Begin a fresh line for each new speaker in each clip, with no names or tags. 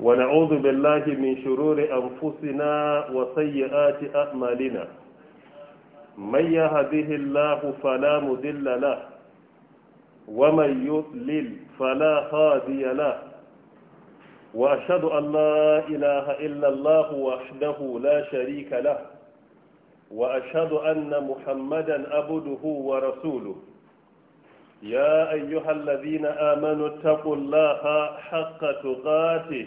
ونعوذ بالله من شرور أنفسنا وسيئات أعمالنا من يهده الله فلا مذل له ومن يضلل فلا هادي له وأشهد أن لا إله إلا الله وحده لا شريك له وأشهد أن محمدا أبده ورسوله يا أيها الذين آمنوا اتقوا الله حق تقاته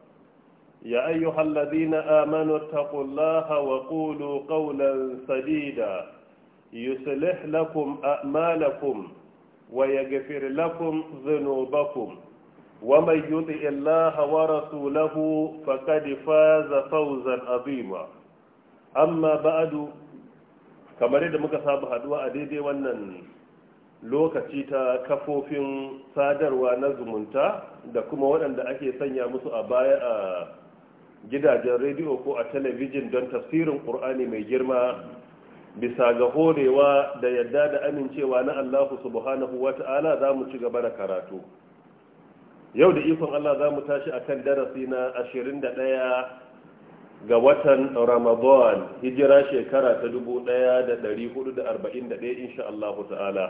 يا أيها الذين آمنوا اتقوا الله وقولوا قولا سديدا يصلح لكم أعمالكم ويغفر لكم ذنوبكم ومن يطع الله ورسوله فقد فاز فوزا عظيما أما بعد كما yadda muka saba haduwa a ونن wannan تيتا ta kafofin sadarwa na zumunta da kuma waɗanda ake sanya musu gidajen rediyo ko a talabijin don tafsirin ƙur'ani mai girma bisa ga horewa da yadda da amincewa na allahu subhanahu wa ta'ala za mu ci gaba da karatu yau da ikon allah za mu tashi kan darasi na ashirin da 21 ga watan ramadan hijira shekara ta da da hudu 1441 insha allahu ta'ala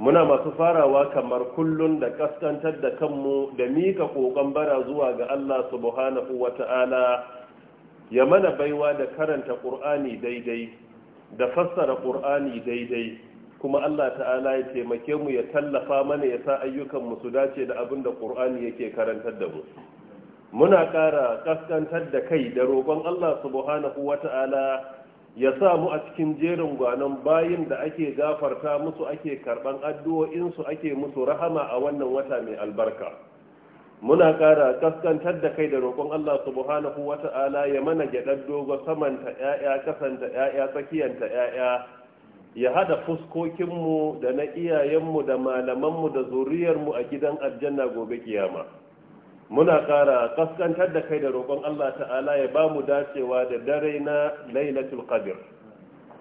muna masu farawa kamar kullun da kaskantar da kanmu da mika kokon bara zuwa ga Allah subhanahu wata'ala ya mana baiwa da karanta qur'ani daidai da fassara qur'ani daidai kuma Allah ta'ala ya taimake mu ya tallafa mana ya sa ayyukan mu su dace da abin da qur'ani yake karantar da mu muna ƙara kaskantar da kai da roƙon Allah subhanahu wata'ala ya sa mu a cikin jerin gwanon bayin da ake gafarta musu ake karɓan karban su ake musu rahama a wannan wata mai albarka muna ƙara kaskantar da kai da roƙon Allah subhanahu wata'ala ya mana gyaɗar dogo samanta ‘ya'ya kasanta ‘ya'ya tsakiyanta ‘ya'ya ya haɗa fuskokinmu da na iyayenmu da malamanmu da zuriyarmu a gidan aljanna gobe kiyama. muna ƙara kaskantar da kai da roƙon Allah ta'ala ya ba mu dacewa da dare na lailatul qadr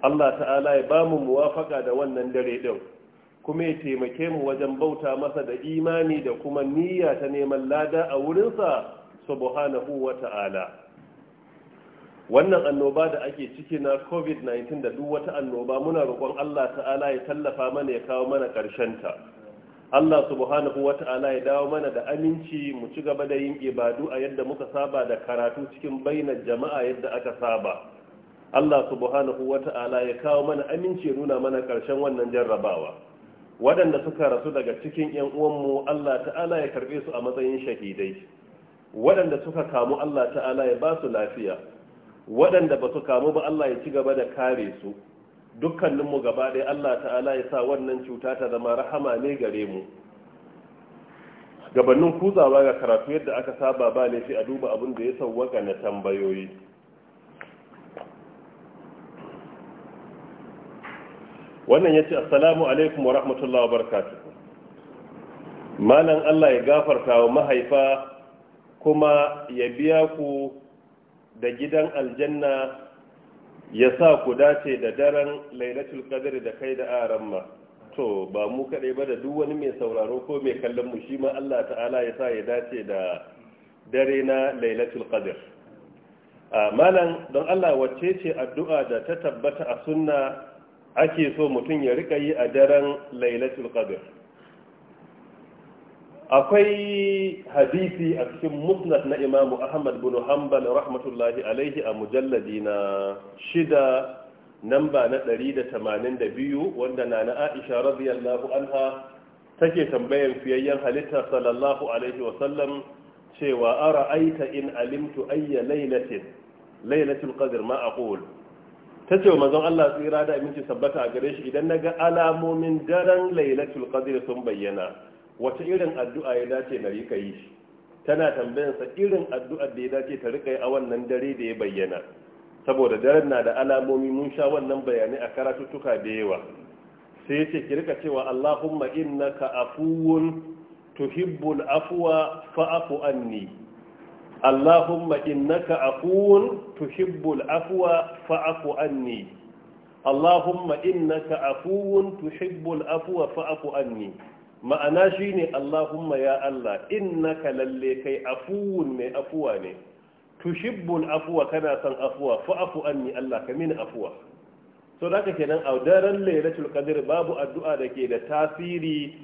Allah ta'ala ya ba mu muwafaka da wannan dare din kuma ya taimake mu wajen bauta masa da imani da kuma niyya ta neman lada a wurin sa subhanahu wa ta'ala wannan annoba da ake ciki na covid-19 da duk wata annoba muna roƙon Allah ta'ala ya tallafa mana ya kawo mana ƙarshen ta Allah subhanahu wa ta'ala ya dawo mana da aminci mu ci gaba da yin ibadu a yadda muka saba da karatu cikin bainar jama'a yadda aka saba Allah subhanahu wa ta'ala ya kawo mana aminci ya nuna mana karshen wannan jarrabawa waɗanda suka rasu daga cikin 'yan uwanmu Allah ta'ala ya karɓe su a matsayin shahidai waɗanda suka kamu Allah ta'ala ya ba su lafiya waɗanda ba su kamu ba Allah ya ci gaba da kare su dukkaninmu gaba ɗaya Allah ta'ala ya sa wannan cuta ta zama rahama ne gare mu gabanin kuzawa ga karatu yadda aka saba ba shi a duba abin da ya sauwaka na tambayoyi wannan ya ce assalamu alaikum wa rahmatullahi wa barkatu. malan Allah ya gafarta wa mahaifa kuma ya biya ku da gidan aljanna ya sa ku dace da daren lailatul qadr da kai da aran to ba mu kaɗai ba da duk wani mai sauraro ko mai kallon mu shi ma Allah ta'ala ya sa ya dace da dare na lailatul qadr malam don Allah wacce ce addu'a da ta tabbata a sunna ake so mutum ya rika yi a daren lailatul qadr akwai hadisi a cikin musnad na imamu ahmad bin hanbal rahmatullahi alaihi a mujalladi na shida namba na 182 wanda na na aisha radiyallahu anha take tambayan fiyayyen halitta sallallahu alaihi wasallam cewa ara aita in alimtu ayya Laylatin, laylatul qadr ma aqul tace wa manzon Allah tsira da aminci sabbata a gare shi idan naga alamomin daren laylatul qadr sun bayyana wata irin addu'a ya dace na rika yi shi tana tambayansa irin addu'a da ya dace ta rika yi a wannan dare da ya bayyana saboda daren na da alamomi mun sha wannan bayanai a karatuttuka da yawa sai ya ce ki rika cewa Allahumma ka afuwun tuhibbul afuwa fa'afu anni Allahumma ka afuwun tuhibbul afuwa fa'afu anni Allahumma ka afuwun tuhibbul afuwa fa'afu anni ma'ana shi ne, Allahumma ya Allah innaka lalle kai afuwun mai afuwa ne tushibbul afuwa kana son afuwa afu anni Allah ka mini afuwa so da haka kenan a daren lailatul qadr babu addu'a da ke da tasiri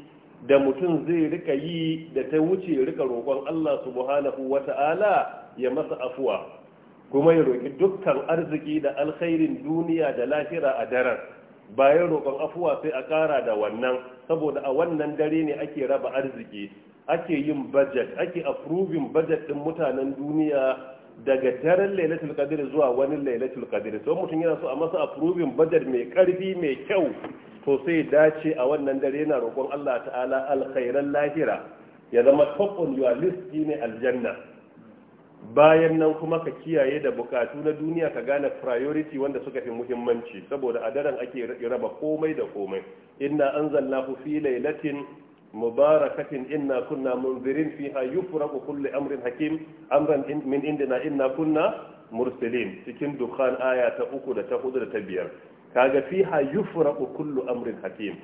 da mutum zai rika yi da ta wuce rika roƙon Allah subhanahu wata'ala ya masa afuwa kuma ya roƙi dukkan arziki da alkhairin duniya da lahira a daren bayan roƙon afuwa sai a ƙara da wannan saboda a wannan dare ne ake raba arziki ake yin budget ake approving budget din mutanen duniya daga daren lailatul qadr zuwa wani lailatul qadr to mutum yana so a masa approving budget mai karfi mai kyau to sai dace a wannan dare yana roƙon Allah ta'ala alkhairan lahira ya zama top on your list ne aljanna bayan nan kuma ka kiyaye da bukatu na duniya ka gane priority wanda suka fi muhimmanci saboda a daren ake raba komai da komai inna anzalnahu fi lailatin mubarakatin inna kunna munzirin fiha yufraqu kullu amrin hakim amran min indina inna kunna mursalin cikin dukhan aya ta uku da ta hudu da ta biyar kaga fiha yufraqu kullu amrin hakim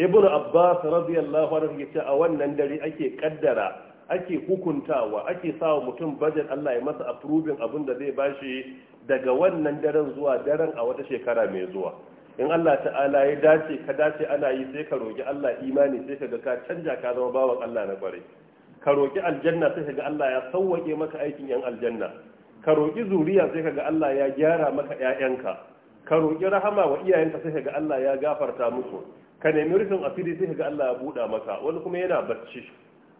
ibnu abbas radiyallahu anhu yace a wannan dare ake kaddara ake hukuntawa ake sawa mutum budget Allah ya masa approving abin da zai bashi daga wannan daren zuwa daren a wata shekara mai zuwa in Allah ta'ala ya dace ka dace ana yi sai ka roki Allah imani sai ka ga ka canja ka zama bawan Allah na kware ka roki aljanna sai ka ga Allah ya sauwake maka aikin yan aljanna ka roki zuriya sai ka ga Allah ya gyara maka ƴaƴanka ka roki rahama wa iyayenka sai ka ga Allah ya gafarta musu ka nemi rufin asiri sai ka ga Allah ya buɗa maka wani kuma yana bacci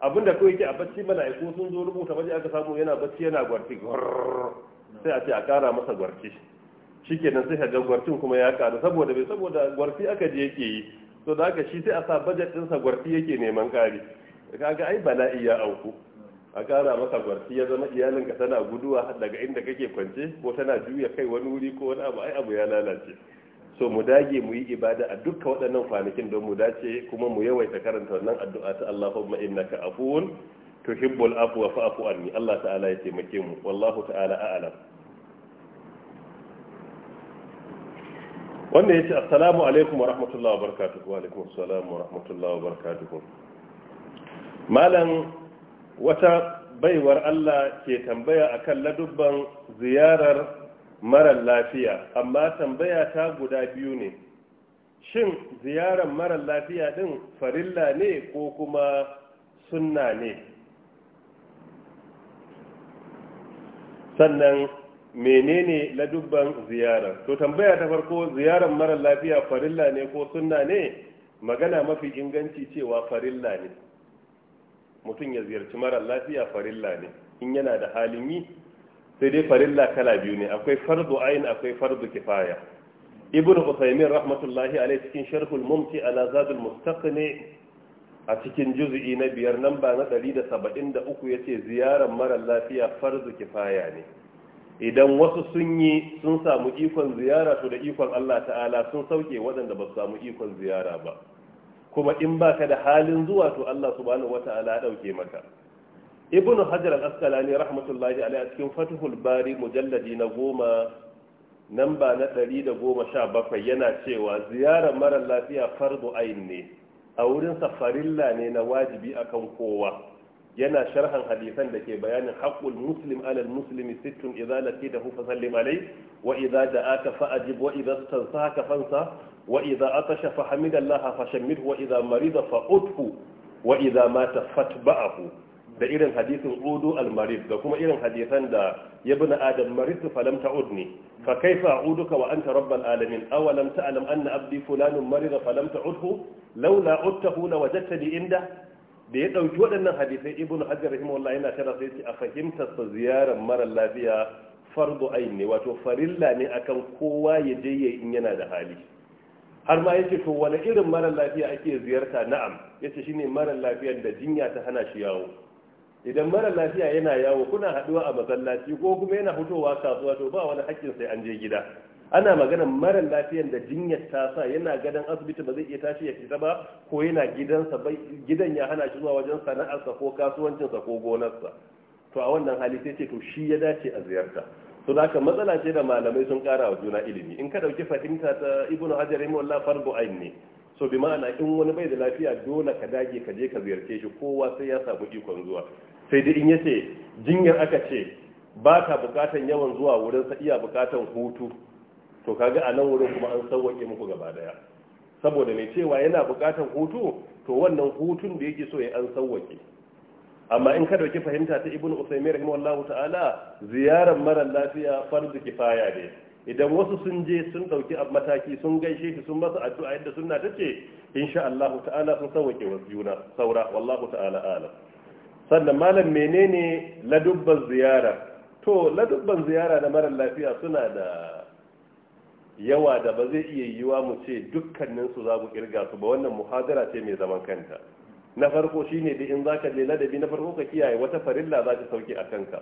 da kawai yake a bacci mana ko sun zo rubuta baje aka samu yana bacci yana gwarti sai a ce a kara masa gwarti shikenan sai ga gwartin kuma ya karu saboda bai saboda gwarti aka je yake yi to da haka shi sai a sa bajet ɗinsa gwarti yake neman kari kaga ai bala'i ya auku a kara masa gwarti ya zama iyalin ka tana guduwa daga inda kake kwance ko tana juya kai wani wuri ko wani abu ai abu ya lalace so mu dage mu yi ibada a dukkan waɗannan kwanakin don mu dace kuma mu yawaita karanta wannan addu'a ta Allahumma innaka afuwun tuhibbul afwa fa'fu anni Allah ta'ala ya taimake mu wallahu ta'ala a'lam wannan yace assalamu alaikum wa rahmatullahi wa barakatuh wa alaikum assalam wa rahmatullahi wa barakatuh malam wata baiwar Allah ke tambaya akan ladubban ziyarar marar lafiya amma tambaya ta guda biyu ne shin ziyarar marar lafiya din farilla ne ko kuma sunna ne sannan menene ladubban ziyarar to tambaya ta farko ziyarar marar lafiya farilla ne ko sunna ne magana mafi inganci cewa farilla ne mutum ya ziyarci marar lafiya farilla ne in yana da halin yi sai dai farilla kala biyu ne akwai fardu ain akwai fardu kifaya ibn usaymin rahmatullahi alaihi cikin sharhul mumti ala zadul mustaqni a cikin juz'i na biyar nan ba na 173 yace ziyarar mara lafiya fardu kifaya ne idan wasu sun yi sun samu ikon ziyara to da ikon Allah ta'ala sun sauke waɗanda ba su samu ikon ziyara ba kuma in baka da halin zuwa to Allah subhanahu wata'ala ya dauke maka ibn hajar al-asqalani rahmatullahi alaihi a cikin fathul bari mujalladi na goma nan ba na ɗari da goma sha bakwai yana cewa ziyarar mara lafiya fardu ain ne a wurin safarilla ne na wajibi akan kowa yana sharhan hadisan da ke bayanin haƙƙul muslim alal muslimi sittun idza laqitahu fa sallim alai wa idza da'aka fa ajib wa idza istansaka fansa wa idza atasha fa hamidallaha fa shammidhu wa idza marida fa utfu wa idza mata fatba'ahu da irin hadisin udu al-marid da kuma irin hadisan da ya bi adam maritu falam ta'udni fa kaifa a'uduka wa anta rabbal alamin aw lam ta'lam anna abdi fulanun marida falam ta'udhu laula uttahu la wajadtani inda da ya dauki waɗannan hadisai ibnu hajar rahimahullah yana tara sai ce a fahimta sa ziyarar mara lafiya fardu ain ne wato farilla ne akan kowa ya je in yana da hali har ma yace to wani irin mara lafiya ake ziyarta na'am yace shine mara lafiyar da jinya ta hana shi yawo idan mara lafiya yana yawo kuna haduwa a masallaci ko kuma yana fitowa kasuwa to ba wani hakkin sai an je gida ana maganar mara lafiyan da jinyar ta sa yana gadon asibiti ba zai iya tashi ya fita ba ko yana gidansa gidan ya hana shi zuwa wajen sana'arsa ko kasuwancinsa ko gonarsa to a wannan hali sai ce to shi ya dace a ziyarta to da matsala ce da malamai sun kara wa juna ilimi in ka dauki fahimta ta ibnu hajar rahimahullah fardu ain ne so bi ma'ana in wani bai da lafiya dole ka dage ka je ka ziyarce shi kowa sai ya samu ikon zuwa sai dai in ya ce jinyar aka ce ba ta bukatan yawan zuwa wurin sa iya bukatan hutu to kaga a nan wurin kuma an sauwake muku gaba daya saboda mai cewa yana bukatan hutu to wannan hutun da yake so ya an sauwake amma in ka dauki fahimta ta ibnu usaymin rahimahullahu ta'ala ziyarar mara lafiya farz kifaya ne idan wasu sun je sun dauki mataki sun gaishe shi sun masa addu'a yadda sunna tace insha Allah ta'ala sun sauke wa juna saura wallahu ta'ala ala sannan malam menene ladubban ziyara to ladubban ziyara na mara lafiya suna da yawa da ba zai iya yiwa mu ce dukkaninsu za mu kirga su ba wannan muhadara ce mai zaman kanta na farko shine da in zaka je ladabi na farko ka kiyaye wata farilla za ta sauke a kanka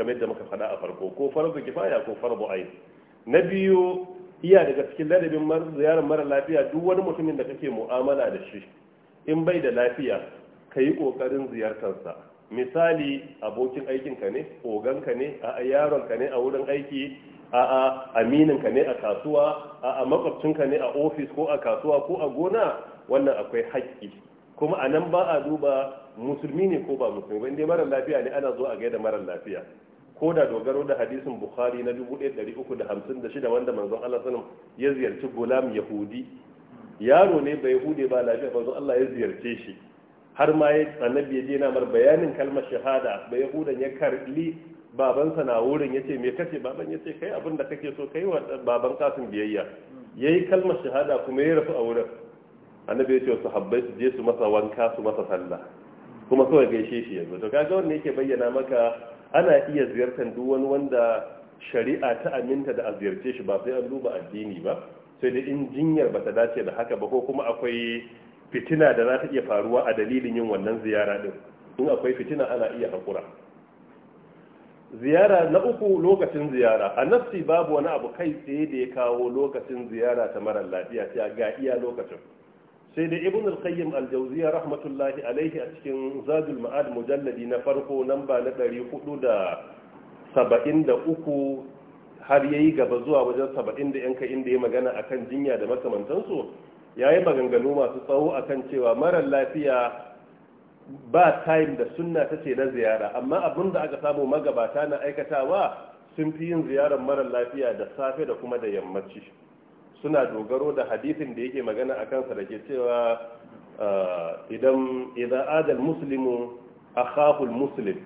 kamar yadda muka faɗa a farko ko farzu kifaya ko farzu ain na biyu iya daga cikin ladabin ziyarar mara lafiya duk wani mutumin da kake mu'amala da shi in bai da lafiya ka yi ƙoƙarin ziyartarsa misali abokin aikinka ne oganka ne a yaronka ne a wurin aiki a amininka ne a kasuwa a makwabcinka ne a ofis ko a kasuwa ko a gona wannan akwai haƙƙi kuma a nan ba a duba musulmi ne ko ba musulmi ba inda mara lafiya ne ana zo a gaida mara lafiya ko da dogaro da hadisin bukhari na 1356 wanda manzon Allah sanin ya ziyarci gulam yahudi yaro ne bai hude ba lafiya manzon Allah ya ziyarce shi har ma ya annabi ya je na mar bayanin kalmar shahada bai hudan ya karli babansa na wurin yace me kace baban yace kai abin da kake so kai wa baban kasin biyayya yayi kalmar shahada kuma ya rafu a wurin annabi ya ce sahabbai su je su masa wanka su masa sallah kuma kawai gaishe shi yanzu to kaga wannan yake bayyana maka ana iya ziyartar duk wani wanda shari'a ta aminta da a ziyarce shi ba sai an duba addini ba sai dai in jinyar ba ta dace da haka ba ko kuma akwai fitina da za ta iya faruwa a dalilin yin wannan ziyara din in akwai fitina ana iya haƙura ziyara na uku lokacin ziyara a nafsi babu wani abu kai tsaye da ya kawo lokacin ziyara ta mara lafiya sai ga iya lokacin sai dai ibn al-qayyim al-jawziya rahmatullahi alaihi a cikin zadul ma'ad mujalladi na farko namba na 473 har yayi gaba zuwa wajen 70 da yanka inda ya magana akan jinya da ya yayi maganganu masu tsawo akan cewa mara lafiya ba time da sunna ta ce na ziyara amma abin da aka samu magabata na aikatawa sun fi yin ziyarar marar lafiya da safe da kuma da yammaci suna dogaro da hadisin da yake magana a kansa da ke cewa ah, idan idan adal muslimu akhahul muslim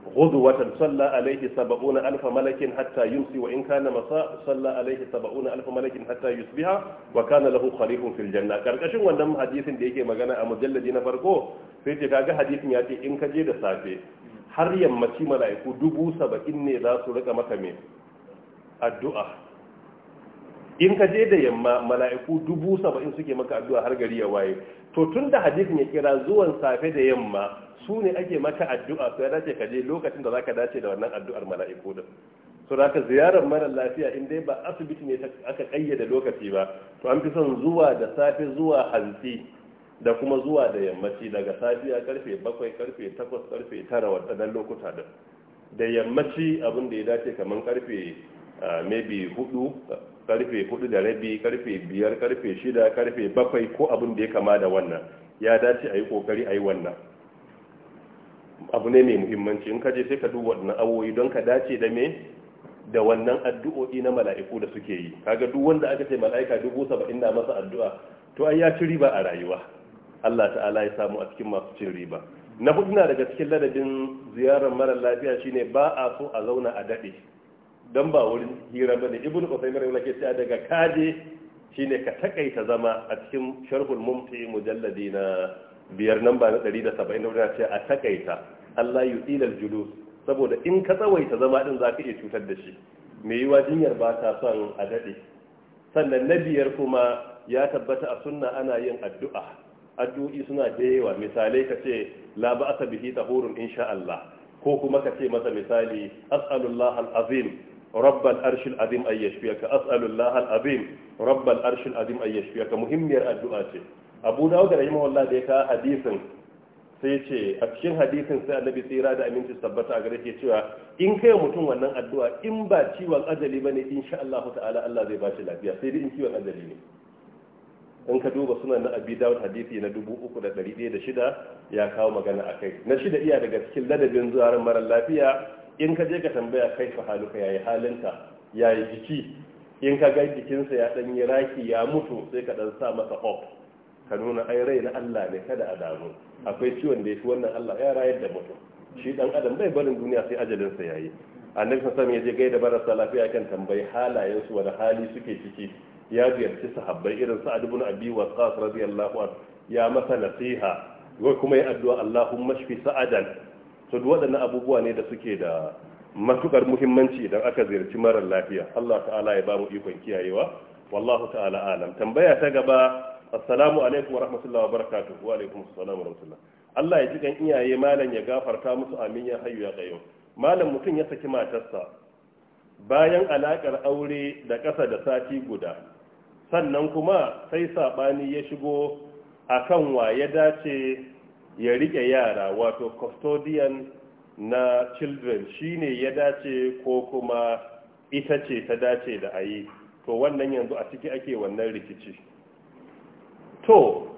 غدوة صلى عليه سبعون ألف ملك حتى يمسي وإن كان مساء صلى عليه سبعون ألف ملك حتى يصبح وكان له خليف في الجنة كركشن wannan hadisin da yake magana a mujalladi na farko sai ce kaga hadisin ya ce in ka je da safe har yammaci mala'iku dubu saba'in ne za su rika maka me addu'a in ka je da yamma mala'iku dubu saba'in suke maka addu'a har gari ya waye to tun da hadisin ya kira zuwan safe da yamma su ne ake maka addu'a to ya dace ka je lokacin da zaka dace da wannan addu'ar mala'iku din to da ziyarar mara lafiya in dai ba asibiti ne aka kayyade lokaci ba to an fi son zuwa da safe zuwa hantsi da kuma zuwa da yammaci daga safiya karfe bakwai karfe takwas karfe tara waɗannan lokuta da yammaci abin da ya dace kamar karfe ah, maybe 4 karfe hudu da rabi karfe biyar karfe shida karfe bakwai ko abin da ya kama da wannan ya dace a yi kokari a yi wannan abu ne mai muhimmanci in kaje sai ka duba waɗannan awoyi don ka dace da me da wannan addu'o'i na mala'iku da suke yi kaga duk wanda aka ce mala'ika dubu saba'in na masa addu'a to ai ya ci riba a rayuwa Allah ta'ala ya samu a cikin masu cin riba na hudu na daga cikin ladabin ziyarar mara lafiya shine ba a so a zauna a daɗe don ba wurin hira bane ibnu qasim rahimahullah ke cewa daga kaje shine ka takaita zama a cikin sharhul mumti mujalladi na biyar namba na 170 da ce a takaita Allah yi julus saboda in ka tsawaita zama din zaka iya cutar da shi me yiwa jinyar ba ta son a dade sannan na biyar kuma ya tabbata a sunna ana yin addu'a addu'i suna da yawa misalai ka ce la ba'asa bihi tahurun insha Allah ko kuma ka ce masa misali as'alullah azim رب الأرش العظيم أن يشفيك أسأل الله العظيم رب الأرش العظيم أن يشفيك مهم يا الدعاء أبو داود رحمه الله ديكا حديثا sai ce a cikin hadisin sai annabi tsira da aminci tabbata a gare shi cewa in kai mutum wannan addu'a in ba ciwon ajali ba ne insha Allah ta'ala Allah zai ba shi lafiya sai dai in ciwon ajali ne in ka duba sunan na abi dawud hadisi na 3106 ya kawo magana a kai na shida iya daga cikin ladabin zuwa mara lafiya in ka je ka tambaya kai fa haluka yayi halinka yayi jiki in ka ga jikinsa ya dan yi raki ya mutu sai ka dan sa masa op ka nuna ai rai na Allah ne kada a damu akwai ciwon da yafi wannan Allah ya rayar da mutum shi dan adam bai barin duniya sai ajalin sa yayi annabi sallallahu ya je gaida marasa lafiya kan tambayi halayen su wani hali suke ciki ya ziyarci sahabbai irin sa'ad ibn abi waqqas radiyallahu anhu ya masa nasiha kuma ya addu'a Allahumma shfi sa'adan to duk waɗannan abubuwa ne da suke da matukar muhimmanci idan aka ziyarci marar lafiya Allah ta'ala ya ba mu ikon kiyayewa wallahu ta'ala alam tambaya ta gaba assalamu alaikum wa wabarakatuh wa alaikum assalam wa rahmatullah Allah ya ji kan iyaye malam ya gafarta musu amin ya hayyu ya qayyum malam mutum ya saki matarsa bayan alakar aure da ƙasa da sati guda sannan kuma sai sabani ya shigo akan wa ya dace ya rike yara wato custodian na children shine ya dace ko kuma ita ce ta dace da ayi to wannan yanzu a ciki ake wannan rikici to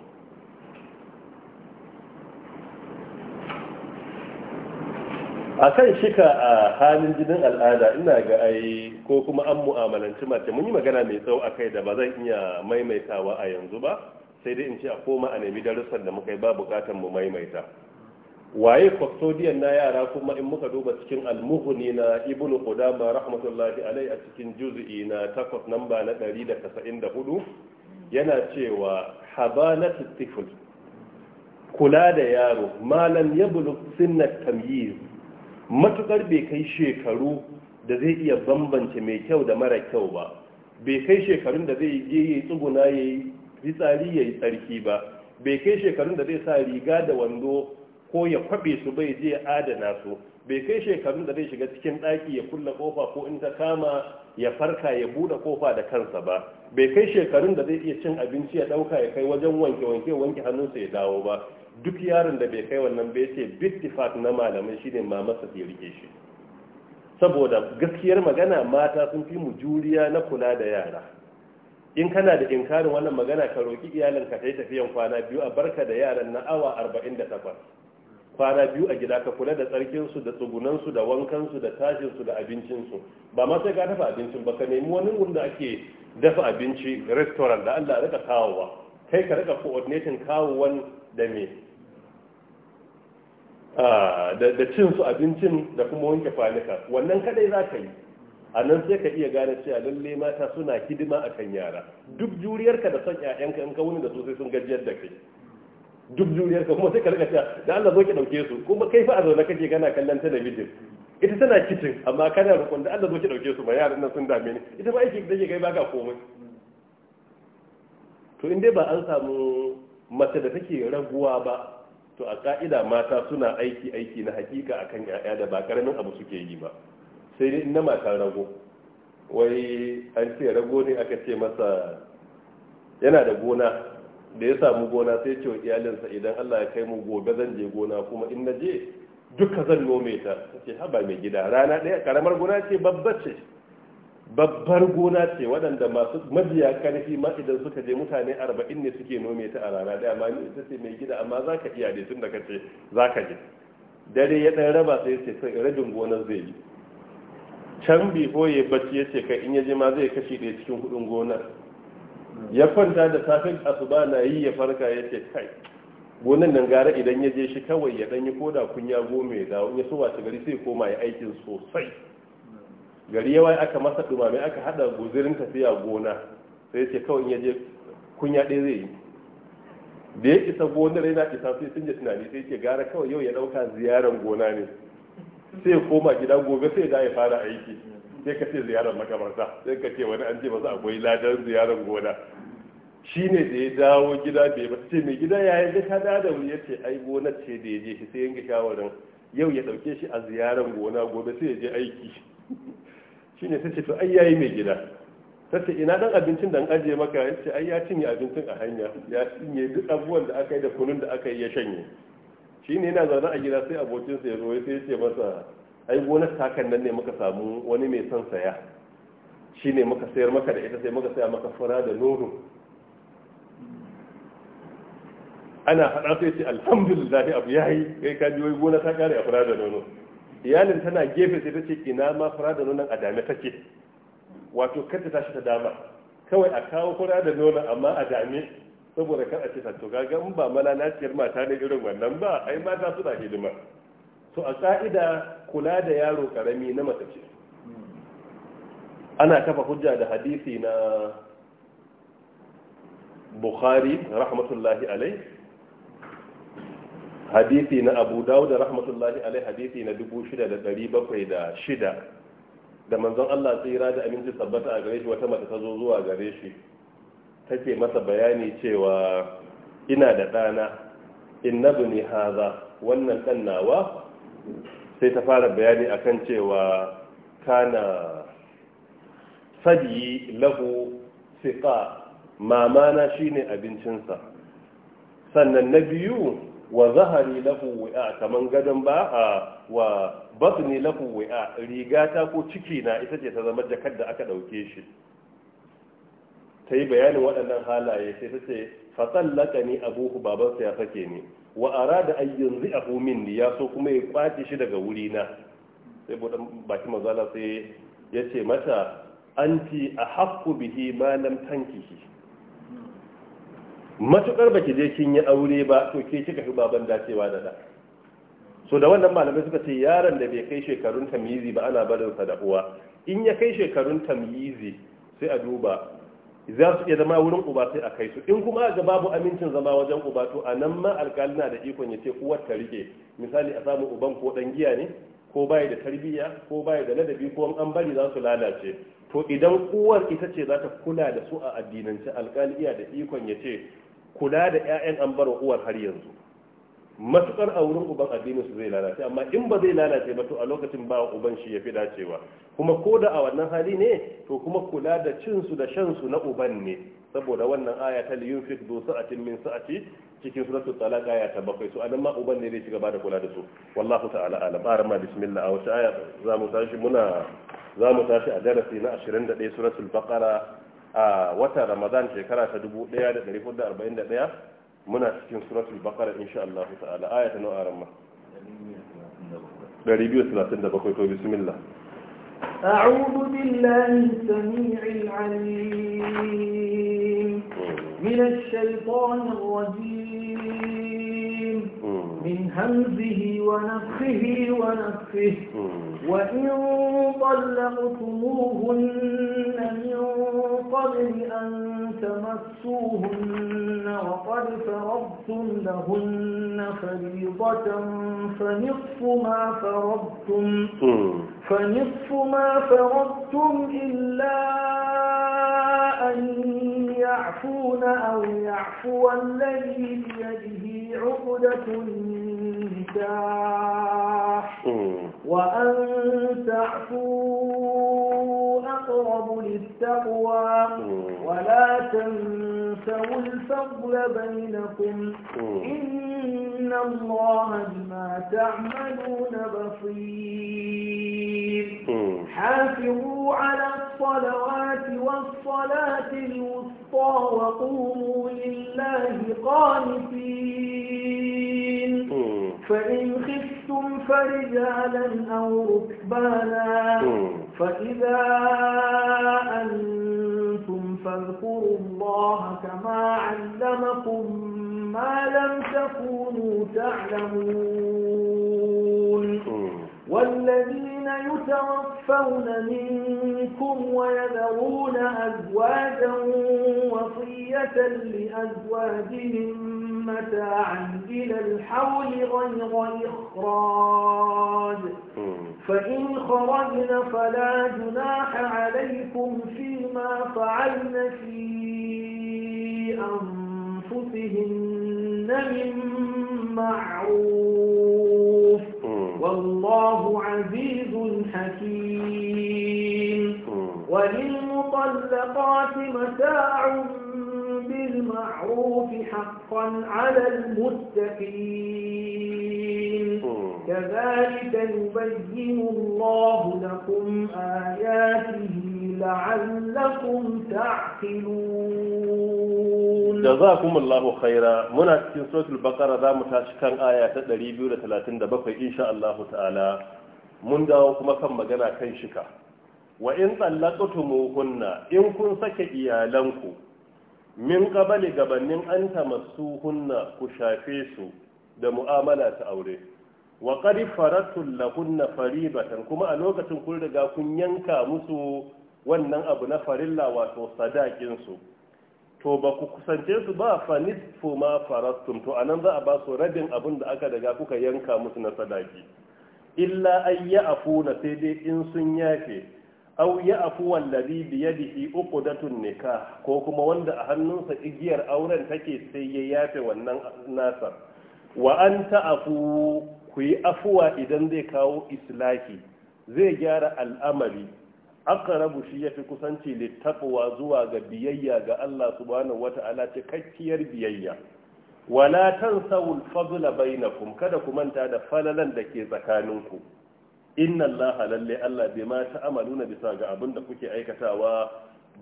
a kan shika a halin jinin al'ada ina ga ai ko kuma an mu'amalanci mace mun yi magana mai tsawo a kai da ba zan iya maimaitawa a yanzu ba sai dai in ce a koma a nemi darussan da muka yi ba bukatan mu maimaita waye custodian na yara kuma in muka duba cikin almuhuni na ibnu qudama rahmatullahi alai a cikin juz'i na takwas namba na 194 yana cewa habanatu tifl kula da yaro malam ya bulu sinnat tamyiz matukar bai kai shekaru da zai iya bambance mai kyau da mara kyau ba bai kai shekarun da zai yi tsuguna yayi yi tsari ya yi tsarki ba bai kai shekarun da zai sa riga da wando ko ya kwabe su bai je adana su bai kai shekarun da zai shiga cikin ɗaki ya kulle kofa ko in ta kama ya farka ya buɗe kofa da kansa ba bai kai shekarun da zai iya cin abinci ya ɗauka ya kai wajen wanke wanke wanke hannunsa ya dawo ba duk yaron da bai kai wannan bai ce bittifak na malamai shine ma masa ya rike shi saboda gaskiyar magana mata sun fi mu juriya na kula da yara in kana da inkarin wannan magana ka roki iyalin ka tai tafiyan kwana biyu a barka da yaran na awa 48 kwana biyu a gida ka kula da tsarkin su da tsugunan su da wankan da tashinsu su da abincin ba ma sai ka dafa abincin ba ka nemi wani wanda ake dafa abinci restaurant da Allah rika kawowa kai ka rika coordinating kawowan da me ah, da cin su abincin da kuma wanke kwanuka wannan kadai za ka yi a nan sai ka iya gane cewa lalle mata suna hidima a kan yara duk juriyarka da son ƴaƴanka in ka wuni da su sai sun gajiyar da kai duk juriyarka kuma sai ka rika cewa da Allah zo ki dauke su kuma kai fa a zaune kake gana kallon talabijin ita tana kicin amma kana rukun da Allah zo ki dauke su ba yaran nan sun dame ni ita ba aiki da kai baka komai to in dai ba an samu mace da take raguwa ba to a ka'ida mata suna aiki aiki na hakika akan ƴaƴa da ba karamin abu suke yi ba sai dai na matan rago wai an ce rago ne aka ce masa yana da gona da ya samu gona sai ce wa iyalinsa idan Allah ya kai mu gobe zan je gona kuma in na je duka zan nome ta ce haba mai gida rana ɗaya karamar gona ce babba ce babbar gona ce waɗanda masu mabiya karfi ma idan suka je mutane arba'in ne suke nome ta a rana ɗaya amma ita ce mai gida amma za ka iya dai tun da ka ce za ka je dare ya ɗan raba sai ce rajin gonar zai yi can ko ya bacci ya ce kai in ya je ma zai kashe da cikin hudun gonar ya kwanta da safin asuba na yi ya farka ya ce kai gonan nan gara idan ya je shi kawai ya danyi koda kunya goma ya dawo in ya so wace gari sai koma ya aikin sosai gari yawa aka masa dumame aka hada guzirin tafiya gona sai ce kawai in ya je kunya ɗaya zai yi da ya isa gonar yana isa sai sun je tunani sai ce gara kawai yau ya ɗauka ziyarar gona ne sai koma gida gobe sai da ya fara aiki sai ka ce ziyarar makabarta sai ka ce wani an ce masa akwai ladan ziyarar gona shi ne da ya dawo gida bai ba ce mai gida ya yi ka da wuri ya ce ai gonar ce da ya je shi sai yanke shawarar yau ya ɗauke shi a ziyarar gona gobe sai ya je aiki shi ne sai ce to ai ya yi mai gida ta ce ina dan abincin da an ajiye maka ya ce ai ya cinye abincin a hanya ya cinye duk abubuwan da aka yi da kunun da aka yi ya shanye shi ne yana zaune a gida sai abokinsa ya zo sai ce masa ai gonar takan nan ne muka samu wani mai son saya shi ne muka sayar maka da ita sai muka saya maka fura da nono ana faɗa sai ce alhamdulillah abu ya yi kai ka biyo gona ta kare a fura da nono iyalin tana gefe sai ta ce ina ma fura da nonon a dame take wato kada ta shi ta dama kawai a kawo fura da nono amma a dame saboda kar a ce to gaga in ba malalaciyar mata ne irin wannan ba ai mata suna hidima to a ka'ida kula da yaro karami na mace ana kafa hujja da hadisi na bukhari rahmatullahi alai hadisi na abu dawud rahmatullahi alai hadisi na 6706 da manzon Allah tsira da aminci tabbata a gare shi wata mata ta zo zuwa gare shi take masa bayani cewa ina da ɗana inna bini haza wannan ɗan nawa sai ta fara bayani akan cewa kana sadiyi lahu siƙa mamana shine abincinsa sannan na biyu wa zahari lahu wi'a kaman gadon ba a wa batni lahu wi'a rigata ko ciki na ita ce ta zama jakar da aka ɗauke shi ta yi bayanin waɗannan halaye sai ta ce fasallaka ni abuhu babansa ya sake ni wa arada an yanzu abu ni ya so kuma ya kwace shi daga wuri na sai budan baki mazala sai ya ce mata anti a haƙƙu bihi ma lam tankihi matukar ki je kin yi aure ba to ke kika fi baban dacewa da da so da wannan malamai suka ce yaron da bai kai shekarun tamyizi ba ana barinsa da uwa in ya kai shekarun tamyizi sai a duba za su iya zama wurin uba sai a kai su in kuma ga babu amincin zama wajen uba to a nan ma alkali na da ikon ya ce uwar ta rike misali a samu uban ko dan giya ne ko bai da tarbiyya ko bai da ladabi ko an bari za su lalace to idan uwar ita ce za ta kula da su a addinance alkali iya da ikon ya ce kula da 'ya'yan an bar uwar har yanzu matukar a wurin uban addinin su zai lalace amma in ba zai lalace ba to a lokacin ba uban shi ya fi dacewa kuma ko da a wannan hali ne to kuma kula da cin su da shan su na uban ne saboda wannan aya ta liyun fit do sa'atin min sa'ati cikin suratul talaq aya ta bakwai su anan ma uban ne zai ci gaba da kula da su wallahu ta'ala bara ma bismillah a wata aya za mu tashi muna za mu tashi a darasi na 21 suratul baqara a watan ramadan shekara ta 1441 muna cikin suratul baqara insha Allah ta'ala aya ko nawa ramma 237 to bismillah
أعوذ بالله السميع العليم من الشيطان الرجيم من همزه ونفخه ونفخه وإن طلقتموهن من قبل أن تمسوهن وقد فرضتم لهن فريضة فنصف ما فرضتم فنصف ما فرضتم إلا أن يعفون أو يعفو الذي بيده عقدة النكاح وأن تعفوا أقرب للتقوى ولا تنسوا الفضل بينكم إن الله بما تعملون بصير الدين حافظوا على الصلوات والصلاة الوسطى وقوموا لله قانتين فإن خفتم فرجالا أو ركبانا فإذا أنتم فاذكروا الله كما علمكم ما لم تكونوا تعلمون والذين يتوفون منكم ويذرون أزواجا وصية لأزواجهم متاعا إلى الحول غير إخراج فإن خرجن فلا جناح عليكم فيما فعلن في أنفسهن من معروف والله عزيز حكيم وللمطلقات متاع بالمعروف حقا على المتقين كذلك يبين الله لكم آياته لعلكم تعقلون
جزاكم الله خيرا cikin suratul baqara za mu tashi kan aya ta 237 insha Allah ta'ala mun dawo kuma kan magana kan shika wa in tsallaqtumuhunna in kun sake iyalanku min qabali gabanin an tamassuhunna ku shafe su da mu'amala ta aure wa qad faratun lahunna faribatan kuma a lokacin kun riga kun yanka musu wannan abu na farilla wato sadakinsu to ba ku kusance su ba fa nisfu ma farastum to anan za a ba su rabin abin da aka daga kuka yanka musu na sadaki illa ya na sai dai in sun yafe aw ya'fu wallazi bi yadihi uqdatun nikah ko kuma wanda a hannunsa igiyar auren take sai ya yafe wannan nasa wa an afu ku yi afuwa idan zai kawo islahi zai gyara al'amari aqrabu shi ya fi kusanci littafuwa zuwa ga biyayya ga Allah subhanahu wata'ala cikakkiyar biyayya wala tansawul fadla bainakum kada ku manta da falalan da ke tsakaninku inna Allah lalle Allah bima ta'amaluna bisa ga abin da kuke aikatawa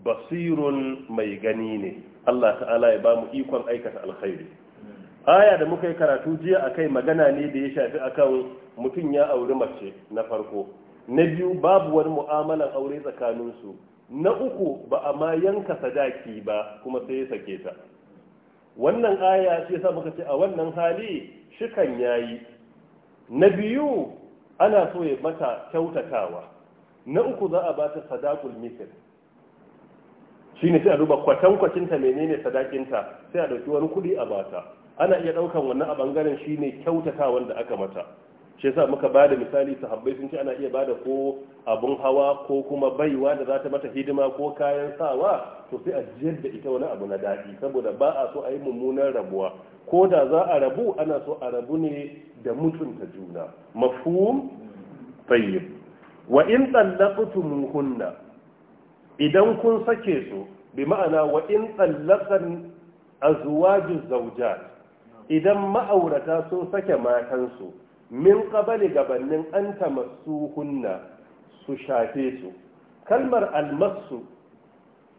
basirun mai gani ne Allah ta'ala ya ba mu ikon aikata alkhairi aya da muka yi karatu jiya akai magana ne da ya shafi akan mutum ya auri mace na farko na biyu babu wani mu'amalan aure tsakaninsu na uku ba a ma yanka sadaki ba kuma sai ya sake ta wannan aya shi yasa muka ce a wannan hali shikan yayi na biyu ana so ya mata kyautatawa na uku za a ba ta sadakul misir shi ne sai a duba kwatankwacinta menene sadakinta sai a ɗauki wani kuɗi a bata ana iya ɗaukan wannan a ɓangaren shi ne kyautata wanda aka mata shi yasa muka ba da misali sahabbai sun ce ana iya ba da ko abun hawa ko kuma baiwa da za ta mata hidima ko kayan sawa to sai a jiyar da ita wani abu na daɗi saboda ba a so a yi mummunan rabuwa ko da za a rabu ana so a rabu ne da mutunta juna mafhum tayyib wa in tallaqtumuhunna idan kun sake su bi ma'ana wa in tallaqan azwajuz zawjat idan ma'aurata sun sake matansu min qabali gabanin an tamassuhunna su shafe su kalmar almasu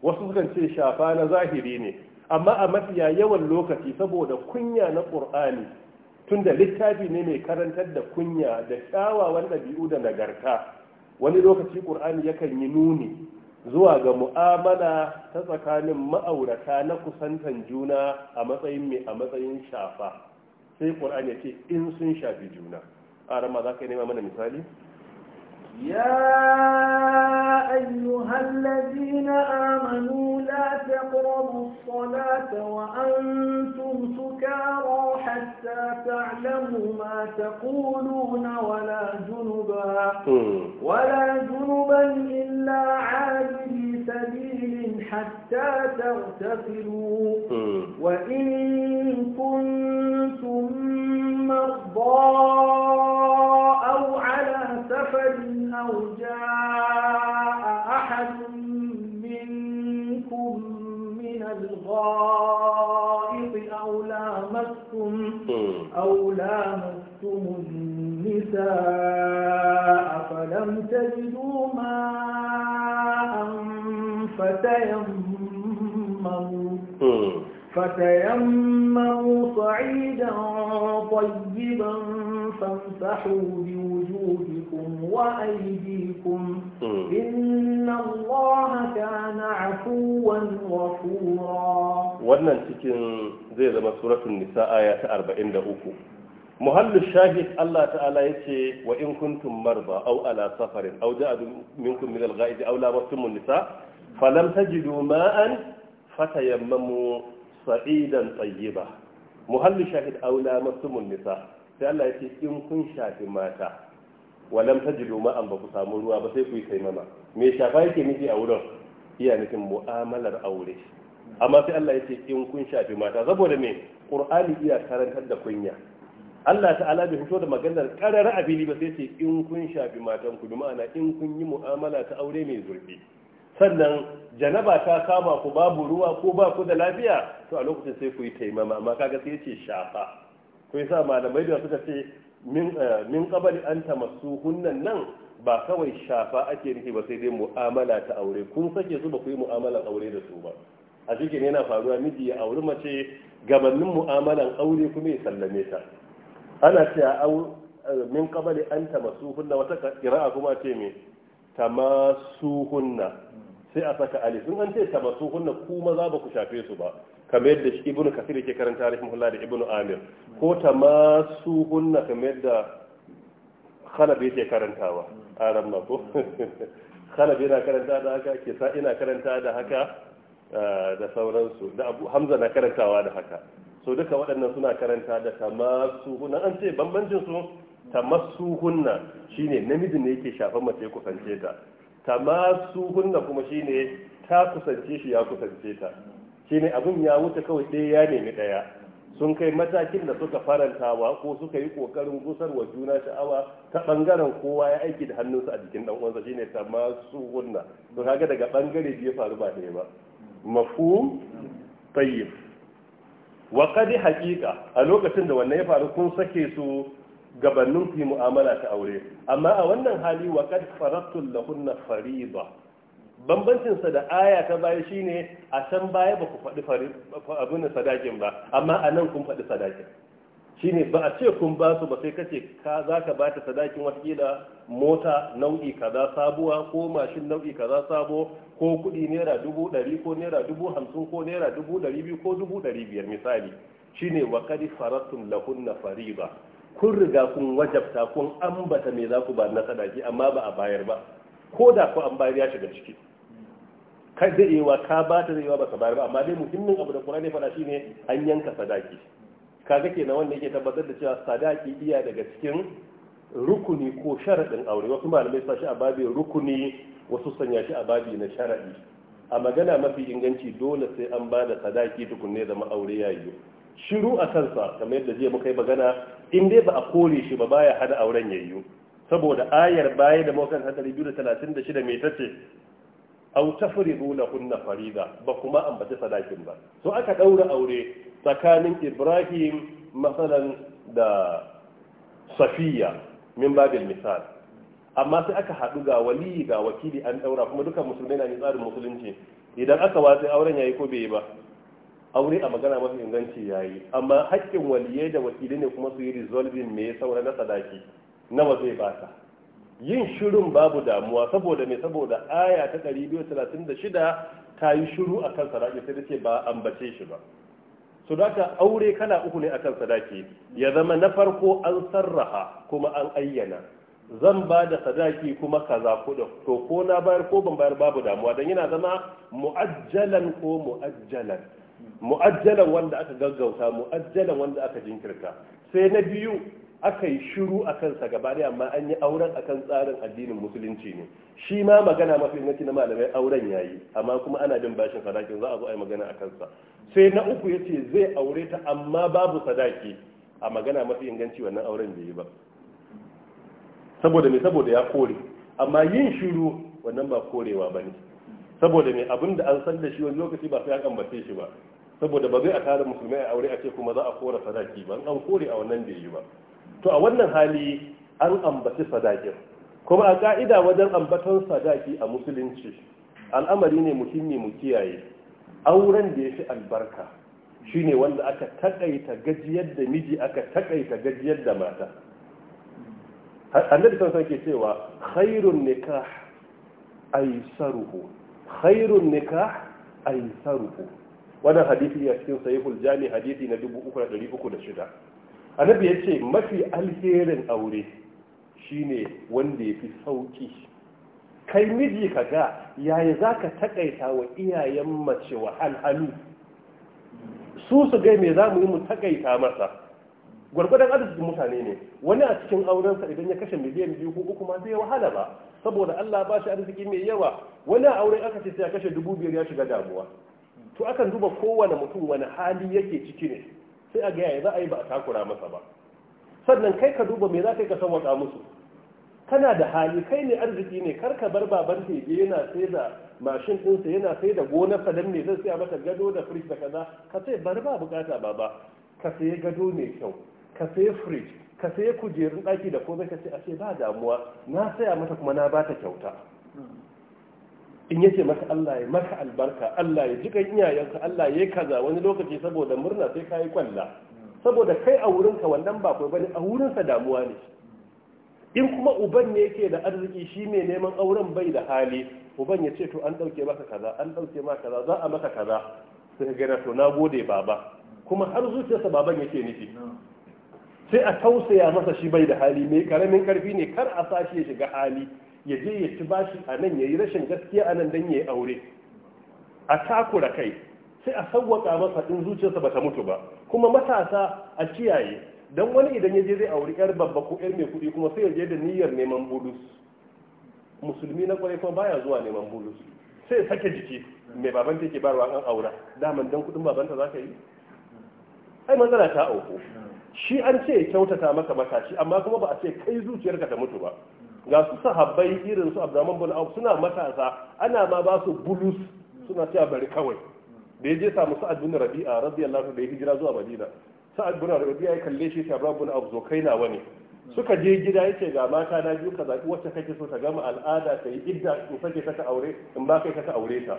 wasu sukan ce shafa na zahiri ne amma a mafiya yawan lokaci saboda kunya na ƙur'ani tunda littafi ne mai karantar da kunya da kyawawan ɗabi'u da nagarta wani lokaci ƙur'ani yakan yi nuni zuwa ga mu'amala ta tsakanin ma'aurata na kusantan juna a matsayin mai a matsayin shafa sai ƙwar'an ya ce in sun shafi juna a rama za ka yi nema mana misali
ya ayyu hallazi na amanu lati ƙoromu ƙolata wa an tun su kawo hatta ta alamu na wala junuba hmm. illa ajiri سبيل حتى تغتفلوا وإن كنتم مرضى أو على سفر أو جاء أحد منكم من الغائط أو لامستم أو لامستم النساء فلم تجدوا ماء فتيمموا فتيمموا صعيدا طيبا فامسحوا بوجوهكم وأيديكم إن الله كان عفوا غفورا
wannan cikin zai zama suratul nisa aya ta 43 muhallu shahid Allah ta'ala ya ce wa in kuntum marba aw ala safarin aw ja'a minkum min al-ghaiz aw lamastum nisa falam tajidu ma'an fatayammamu sa'idan tayyiba muhalli shahid aula Mutumin, nisa sai Allah ya ce in kun shafi mata walam tajidu ma'an ba ku samu ruwa ba sai ku yi taimama me shafa yake nufi a wurin iya nufin mu'amalar aure amma sai Allah ya ce in kun shafi mata saboda me qur'ani iya karantar da kunya Allah ta'ala bai fito da maganar karar abili ba sai ce in kun shafi matan ku bi ma'ana in kun yi mu'amala ta aure mai zurfi sannan janaba ta kama ku babu ruwa ko ba ku da lafiya to a lokacin sai ku yi taimama amma kaga sai ce shafa ko yasa malamai da suka ce min eh, min qabali an masuhunnan nan ba kawai shafa ake nufi ba sai dai mu'amala ta aure kun sake su ba ku yi mu'amalan aure da su ba a cikin yana faruwa miji ya auri mace gabanin mu'amalan aure kuma ya sallame ta ana cewa eh, min qabali an masuhunna wata kira'a kuma ce me tamasuhunna sai a saka alif in an ce tabasu hunna kuma za ba ku shafe su ba kamar yadda shi ibnu kasir yake karanta rahimahullah da ibnu amir ko tamasu hunna kamar yadda khalabi yake karantawa a ramma ko khalabi yana karanta da haka ke sa ina karanta da haka eh, da sauransu da abu hamza na karantawa da haka so duka waɗannan suna karanta da tamasu hunna an ce bambancin su tamasu hunna shine namiji ne yake shafa mace kusance ta hunna kuma shine ta kusance shi ya kusance ta shine abin ya wuce kawai ɗaya ya nemi ɗaya sun kai matakin da suka farantawa ko suka yi kokarin gusarwa juna sha'awa ta ɓangaren kowa ya aiki da hannunsa a jikin ɗan uwansa shine hunna to kaga daga ɓangare biyu faru ba ɗaya ba mafhum tayyib wa qad haqiqa a lokacin da wannan ya faru kun sake su gabanin ku yi mu'amala ta aure amma a wannan hali wa kad faratun lahunna bambancin sa da aya ta baya shine a can baya ba ku faɗi abin sadakin ba amma a nan kun faɗi sadakin shine ba a ce kun ba su ba sai kace ka za ka ba ta sadakin kila mota nau'i kaza sabuwa ko mashin nau'i kaza sabo ko kuɗi naira dubu ɗari ko naira dubu hamsin ko naira dubu ɗari biyu ko dubu ɗari biyar misali shine wa kad faratun lahunna fariida kun riga kun wajabta kun ambata me za ku ba na sadaki amma ba a bayar ba ko da ku an bayar ya shiga ciki ka daɗewa ka ba ta daɗewa ba ka bayar ba amma dai muhimmin abu da kurani faɗa ne an yanka sadaki kaga kenan wanda yake tabbatar da cewa sadaki iya daga cikin rukuni ko sharaɗin aure wasu malamai sa shi a babin rukuni wasu sanya shi a babi na sharaɗi a magana mafi inganci dole sai an ba da sadaki tukunne zama aure ya yiwu shiru a kansa kamar yadda jiya muka yi magana in dai ba a kore shi ba baya hada auren yayyo saboda ayar baya da mawakan hadari biyu da talatin da shida mai tace au tafridu kunna farida ba kuma ambaci sadakin ba so aka daura aure tsakanin Ibrahim masalan da Safiya min babil misal amma sai aka haɗu ga wali ga wakili an daura kuma dukan musulmai na tsarin musulunci idan aka watsi auren yayi ko bai yi ba aure a magana mafi inganci yayi amma haƙƙin waliyai da wakili ne kuma su yi resolving me ya saura na sadaki nawa zai bata yin shirin babu damuwa saboda mai saboda aya ta 236 ta yi shiru kan sadaki sai da ce ba ambace shi ba su daga aure kana uku ne a kan sadaki ya zama na farko an sarraha kuma an ayyana zan ba da sadaki kuma kaza kudin to ko na bayar ko ban bayar babu damuwa don yana zama mu'ajjalan ko mu'ajjalan mu'ajjalan wanda aka gaggauta mu'ajjalan wanda aka jinkirta sai na biyu aka yi shiru a kansa gaba da amma an yi auren a kan tsarin addinin musulunci ne shi ma magana mafi inganci na malamai auren yayi amma kuma ana bin bashin sadakin za a zo a yi magana a kansa sai na uku ya ce zai aure ta amma babu sadaki a magana mafi inganci wannan auren bai yi ba saboda me saboda ya kore amma yin shiru wannan ba korewa ba ne saboda me abin da an san da shi wani lokaci ba sai an ambace shi ba saboda ba zai a tare musulmi a aure a ce kuma za a kora sadaki ba an kore a wannan da yi ba to a wannan hali an ambaci sadakin kuma a ka'ida wajen ambaton sadaki a musulunci al'amari ne muhimmi mu kiyaye auren da ya fi albarka shine wanda aka takaita gajiyar da miji aka takaita gajiyar da mata annabi sallallahu ke cewa khairun nikah aysaruhu khairun nikah aysaruhu wannan hadisi ya cikin sahihul jami hadisi na 3306 annabi ya ce mafi alherin aure shine wanda ya fi sauki kai miji ka ga yaya za ka takaita wa iyayen mace wa halhalu su su gai me za mu yi mu takaita masa gwargwadon arzikin mutane ne wani a cikin aurensa idan ya kashe miliyan biyu ko uku ma zai wahala ba saboda allah ba shi arziki mai yawa wani a auren aka ce sai ya kashe dubu biyar ya shiga damuwa to akan duba kowane mutum wani hali yake ciki ne sai a ga yaya za a yi ba a takura masa ba sannan kai ka duba me za ka yi ka san wata musu kana da hali kai ne arziki ne kar ka bar baban tebe yana sai da mashin ɗinsa yana sai da gonarsa don me zai saya mata gado da firij da kaza ka sai bar ba bukata ba ka sai gado mai kyau ka sai firij ka sai kujerun ɗaki da komai ka sai a ce ba damuwa na saya mata kuma na bata kyauta in yace maka Allah ya maka albarka Allah ya jika iyayenka Allah ya kaza wani lokaci saboda murna sai kai kwalla saboda kai a wurinka wannan ba kai bane a wurinsa damuwa ne in kuma uban ne yake da arziki shi mai neman auren bai da hali uban ya ce to an dauke maka kaza an dauke maka kaza za a maka kaza sai gane to na gode baba kuma har zuciyarsa baban yake nufi sai a tausaya masa shi bai da hali mai karamin karfi ne kar a sashi ya shiga hali ya je ya ci bashi a nan ya yi rashin gaskiya a nan don ya yi aure a takura kai sai a sauwaka masa in zuciyarsa ba ta mutu ba kuma matasa a kiyaye don wani idan ya je zai auri yar babba ko yar mai kuɗi kuma sai ya je da niyyar neman bulus musulmi na kwarai kuma baya zuwa neman bulus sai ya sake jiki mai baban take barwa an aura daman dan kuɗin babanta za ka yi ai matsala ta auku shi an ce ya kyautata maka matashi amma kuma ba a ce kai zuciyarka ta mutu ba ga su sahabbai irin su abdaman bin auf suna matasa ana ma ba su bulus suna cewa bari kawai da ya je samu sa'ad bin rabi'a radiyallahu da ya hijira zuwa madina sa'ad bin rabi'a ya kalle shi sai abdurrahman bin auf zo kai nawa ne suka je gida yace ga mata na biyu ka zaki wacce kake so ta gama al'ada ta yi idda in sake ta aure in ba kai ka aure ta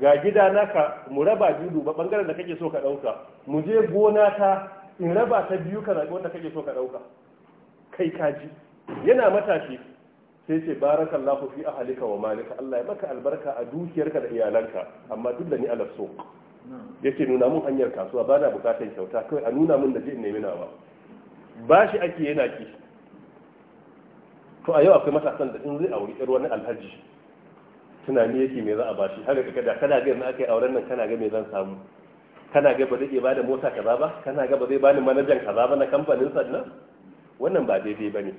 ga gida naka mu raba biyu ba bangaren da kake so ka dauka mu je gona ta in raba ta biyu ka zaki wanda kake so ka dauka kai kaji yana matashi sai ce barakallahu a halika wa malika Allah ya baka albarka a dukiyarka da iyalanka amma duk da ni ala so yake nuna mun hanyar kasuwa bana bukatar kyauta kawai a nuna mun da je nemi nawa bashi ake yana ki to a yau akwai matasan da in zai auri yar wani alhaji tunani yake me za a bashi har ka kada kana ga yanzu akai auren nan kana ga me zan samu kana ga ba zai iya bada mota kaza ba kana ga ba zai bani manajan kaza ba na kamfanin sannan wannan ba daidai ba ne.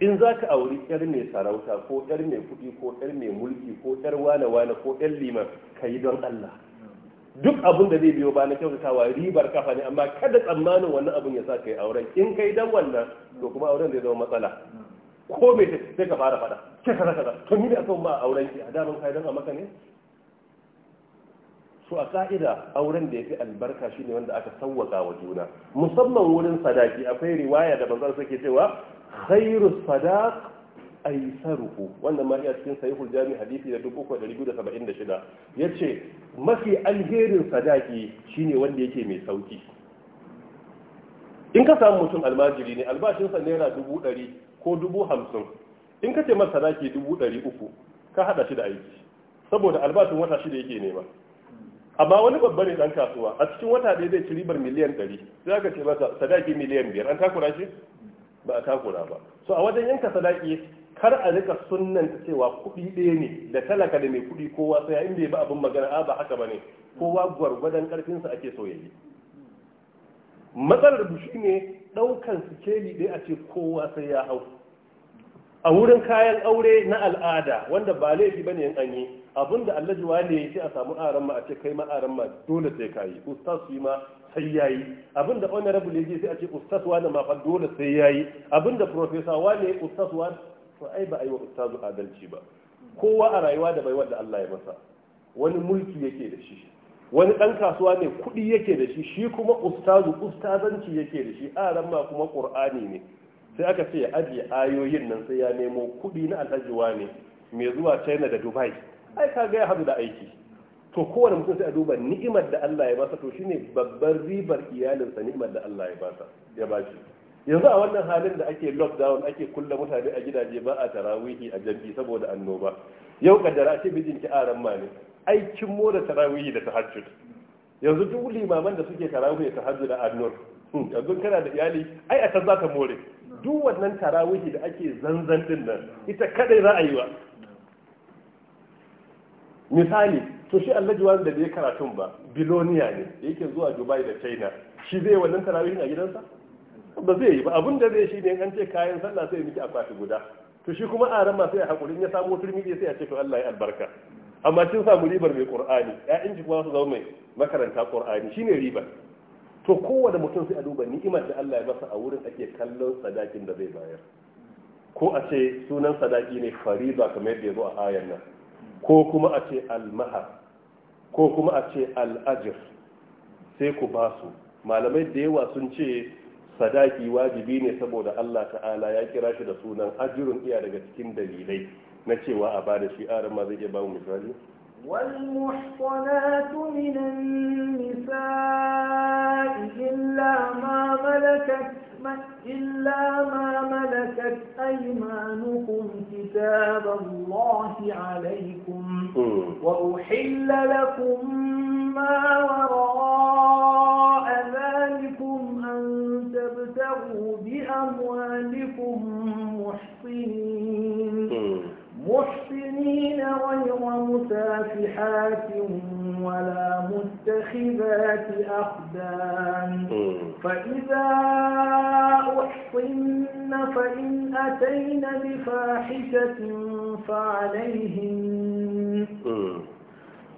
in za ka auri yar mai sarauta ko yar mai kuɗi ko yar mai mulki ko yar wane-wane ko yar liman ka yi don Allah duk abin da zai biyo ba na kyautatawa ribar kafa ne amma kada tsammanin wannan abin ya sa ka yi auren in ka yi don wannan to kuma auren zai zama matsala ko mai sai ka fara faɗa ke kaza kaza to ni da ba auren ki a kai don a maka ne su a ka'ida auren da ya fi albarka shine wanda aka sawwaka wa juna musamman wurin sadaki akwai riwaya da manzon suke cewa khairu sadaq aisaruhu wannan ma iya cikin sahihul jami hadisi da 3276 yace mafi alherin sadaki shine wanda yake mai sauki in ka samu mutum almajiri ne sa naira dubu ɗari ko dubu hamsin in ka ce masa sadaki dubu ɗari uku ka hada shi da aiki saboda albashin wata shida yake nema amma wani babba ne dan kasuwa a cikin wata ɗaya zai ci ribar miliyan ɗari za ka ce masa sadaki miliyan biyar an takura shi ba a takura ba so a wajen yanka sadaki kar a rika sunnan cewa kuɗi ɗaya ne da talaka da mai kuɗi kowa sai in bai ba abin magana a ba haka ba ne kowa gwargwadon ƙarfinsa ake so yayi matsalar bu ne ɗaukan sikeli ɗaya a ce kowa sai ya hau a wurin kayan aure na al'ada wanda ba laifi ba ne an anyi abinda allajuwa ne ya ce a samu aran ma a ce kai ma aran dole sai kayi ustaz su yi ma sai yayi abinda honorable yaje sai a ce ustaz wani ma fa dole sai yayi abinda professor wani ustaz wani to ai ba ai wa ustaz adalci ba kowa a rayuwa da bai wanda Allah ya masa wani mulki yake da shi wani dan kasuwa ne kudi yake da shi shi kuma ustazu ustazanci yake da shi aran ma kuma qur'ani ne sai aka ce ya ajiye ayoyin nan sai ya nemo kudi na alhaji ne mai zuwa China da Dubai ai ga ya hadu da aiki to kowane mutum sai a duba ni'imar da Allah ya basa to shi ne babbar ribar iyalinsa ni'imar da Allah ya basa ya bashi yanzu a wannan halin da ake lockdown ake kulle mutane a gidaje ba a tarawihi a jam'i saboda annoba yau kaddara ce ki aran ma ne aikin mo tarawihi da tahajjud yanzu duk limaman da suke tarawihi da tahajjud a annor hmm, yanzu kana da iyali ai a can za ta more duk wannan tarawihi da ake zanzan din nan ita kadai za a yi wa misali to shi Allah wani da bai karatun ba biloniya ne yake zuwa Dubai da China shi zai wannan tarawihin a gidansa ba zai yi ba abin da zai shi ne an ce kayan sallah sai miki akwati guda to shi kuma aran ran sai a hakurin ya samu turmi sai a ce to Allah ya albarka amma kin samu ribar mai Qur'ani ƴaƴan ki kuma su zama mai makaranta Qur'ani shine riba to kowane mutum sai a duba ni'imar da Allah ya masa a wurin ake kallon sadakin da zai bayar ko a ce sunan sadaki ne fariza kamar yadda ya zo a ayan nan ko kuma a ce almahar ko kuma a ce al'ajir sai ku ba su malamai da yawa sun ce sadaki wajibi ne saboda Allah ta'ala ya kira shi da sunan ajirin iya daga cikin dalilai na cewa a bada shi a ma zai iya ba mu misali
والمحصنات من النساء إلا ما ملكت الحكمة إلا ما ملكت أيمانكم كتاب الله عليكم وأحل لكم ما وراء ذلكم أن تبتغوا بأموالكم محصنين محسنين غير مسافحات ولا متخذات أخدان فإذا أحصن فإن أتين بفاحشة فعليهن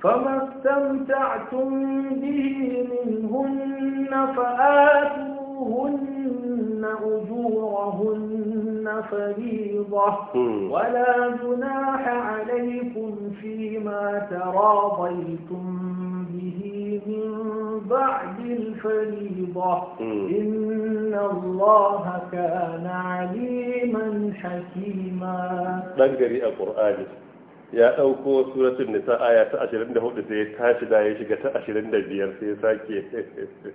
فما استمتعتم به منهن فآتوا وآتوهن أجورهن فريضة ولا جناح عليكم فيما تراضيتم به من بعد الفريضة إن الله كان عليما حكيما
بنجري القرآن يا أوكو سورة النساء آية ta 24 sai ya tashi da ya shiga 25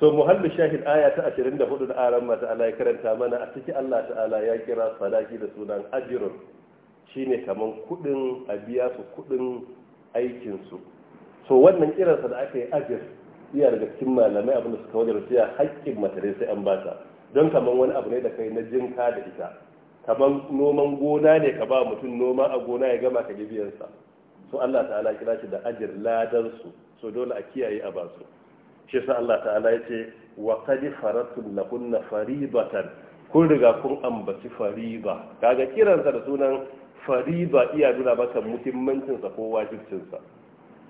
to muhallu shahid aya ta 24 da aran masu Allah ya karanta mana a ciki Allah ta'ala ya kira sadaki da sunan ajirun shine kaman kudin a biya su kudin aikin su so wannan kiransa da aka yi ajir iya daga cikin malamai abin da suka su siya haƙƙin matare sai an bata don kaman wani abu ne da kai na jinka da ita kaman noman gona ne ka ba mutum noma a gona ya gama ka biyansa so Allah ta'ala kira shi da ajir ladan su so dole a kiyaye a basu shi sa Allah ta'ala ya ce wa qad faratun lahunna faribatan kun riga kun ambaci fariba kaga kiran kiransa da sunan fariba iya nuna maka muhimmancinsa ko sa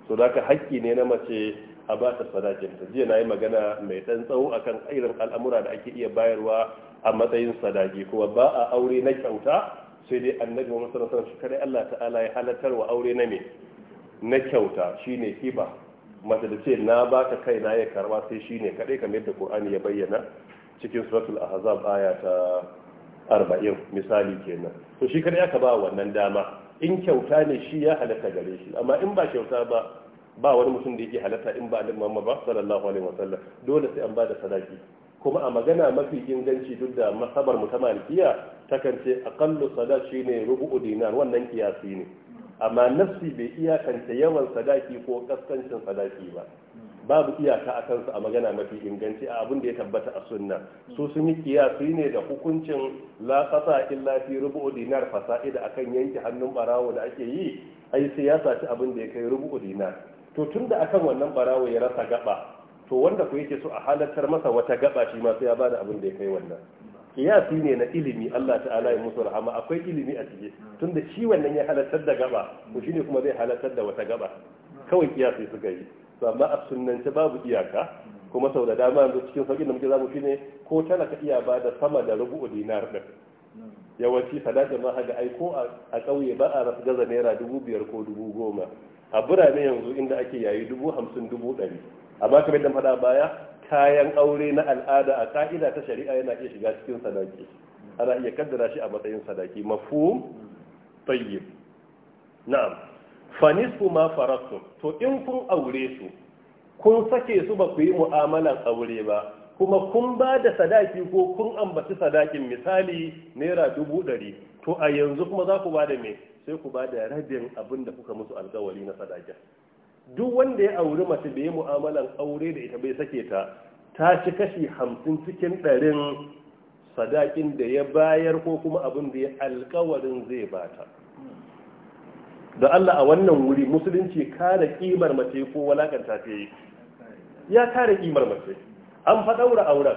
so da haka haƙƙi ne na mace a ba ta ta jiya na yi magana mai ɗan tsawo akan irin al'amura da ake iya bayarwa a matsayin sadaki kuma ba a aure na kyauta sai dai annabi alaihi wasallam shi kare Allah ta'ala ya halartar wa aure na me na kyauta shine hiba mace da ce na baka kai na ya karba sai shi ne kaɗai kamar yadda Qur'ani ya bayyana cikin suratul ahzab aya ta arba'in, misali kenan to shi kaɗai aka ba wannan dama in kyauta ne shi ya halatta gare shi amma in ba kyauta ba ba wani mutum da yake halatta in ba annabi Muhammad ba sallallahu alaihi wasallam dole sai an ba da sadaki kuma a magana mafi inganci duk da masabar mu ta malikiya takan ce aqallu sadaki shine rubu'u dinar wannan kiyasi ne amma nafsi bai iyakance yawan sadaki ko kaskancin sadaki ba babu iyaka a kansu a magana mafi inganci a abin da ya tabbata a sunna su sun yi kiyasi ne da hukuncin la qasa illa fi rubu dinar fasa'ida akan yanke hannun barawo da ake yi ai sai ya saci abin da ya kai rubu dinar to tun da akan wannan barawo ya rasa gaba to wanda ku yake so a halartar masa wata gaba shi ma sai ya bada abin da ya kai wannan kiyasi ne na ilimi Allah ta'ala ya musu rahama akwai ilimi a ciki tunda shi wannan ya halartar da gaba shi shine kuma zai halartar da wata gaba kawai kiyasi suka yi to amma a sunnance babu iyaka kuma sau da dama yanzu cikin sauƙin da muke zamu shine ko talaka iya bada sama da rubu'u dinar din yawanci sadaka ma haka ai ko a ƙauye ba a rasu gaza naira dubu biyar ko dubu goma a birane yanzu inda ake yayi dubu hamsin dubu ɗari amma kamar da faɗa baya kayan aure na al'ada a ka'ida ta shari'a yana iya shiga cikin sadaki ana iya kaddara shi a matsayin sadaki mafhum tayyib na'am fa nisfu ma to in kun aure su kun sake su ba ku yi mu'amalan aure ba kuma kun ba da sadaki ko kun ambaci sadakin misali naira dubu ɗari to a yanzu kuma za ku ba da me sai ku ba da rabin abin da kuka musu alkawari na sadakin duk wanda ya auri mace bai ya mu'amalan aure da ita bai sake ta ta ci kashi hamsin cikin ɗarin sadakin da ya bayar ko kuma abin da ya alkawarin zai ba ta. da Allah a wannan wuri musulunci kare kimar mace ko walakanta ta yi ya kare kimar mace an faɗaura auren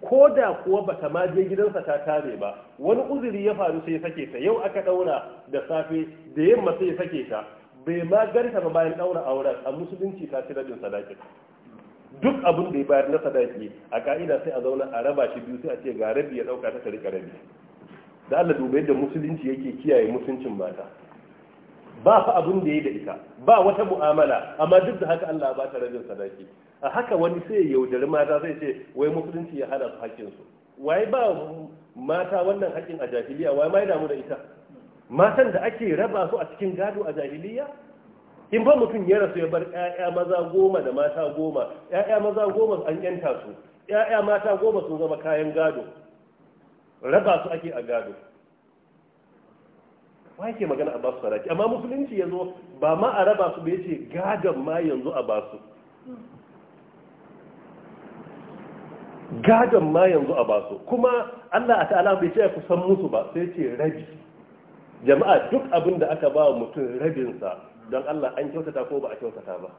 ko da kuwa ba ta ma je gidansa ta tare ba wani uzuri ya faru sai sake ta yau aka ɗaura da safe da yamma sai sake ta bai ma garta ba bayan daura auren a musulunci ta ci rabin sadaki duk abin da ya bayar na sadaki a ka'ida sai a zauna a raba shi biyu sai a ce ga rabi ya dauka ta ta rika rabi da Allah dubai yadda musulunci yake kiyaye musuncin mata ba fa abin da yayi da ita ba wata mu'amala amma duk da haka Allah ba ta rabin sadaki a haka wani sai ya yaudari mata zai ce wai musulunci ya hana su hakkin su waye ba mata wannan hakkin a jahiliya waye ma ya damu da ita matan da ake raba su a cikin gado a jahiliya in ba mutum ya rasu ya bar ƴaƴa maza goma da mata goma ƴaƴa maza goma an yanta su ƴaƴa mata goma sun zama kayan gado raba su ake a gado ba yake magana a ba su saraki amma musulunci ya zo ba ma a raba su ba yace gadon ma yanzu a ba su gadon ma yanzu a ba su kuma Allah ta'ala bai ce ku san musu ba sai ce rabi jama'a duk abin da aka ba mutum rabinsa don Allah an kyautata ko ba a kyautata ba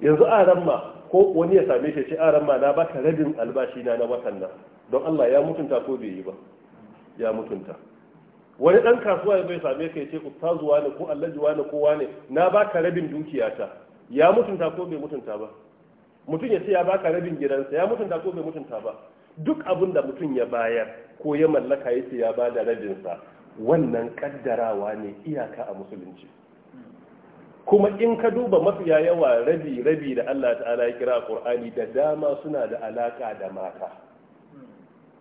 yanzu a ramma ko wani ya same shi ce a ramma na baka rabin albashi na na watan nan don Allah ya mutunta ko bai yi ba ya mutunta wani dan kasuwa ya bai same ka yace ce wani ko allajuwa wani ko wane na baka rabin dukiyata ya mutunta ko bai mutunta ba mutum ya ce ya baka rabin gidansa ya mutunta ko bai mutunta ba duk abin da mutum ya bayar ko ya mallaka ce ya bada rabinsa wannan kaddarawa ne iyaka a musulunci kuma in ka duba mafiya yawa rabi rabi da Allah ta'ala ya kira Qur'ani da dama suna da alaka da mata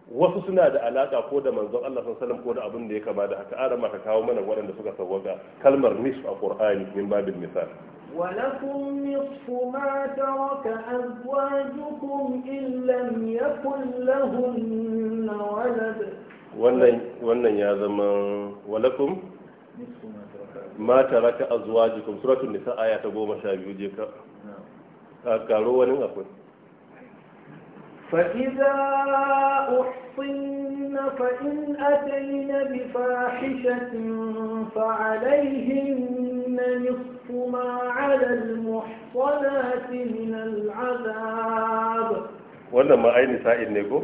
wasu suna da alaka ko da manzon Allah sallallahu ko da abin da ya kama da haka arama ka kawo mana waɗanda suka sawwaka kalmar nisf a Qur'ani min babin misal
ولكم نصف ما ترك أزواجكم إن لم يكن لهن ولد
wannan ya zama walakum ma taraka azwajukum suratul nisa aya ta goma sha biyu je ka karo wani akwai
فإذا أحصن فإن أتين بفاحشة فعليهن نصف نحث ما على المحصنات من العذاب
wannan ma aini sa'in ne ko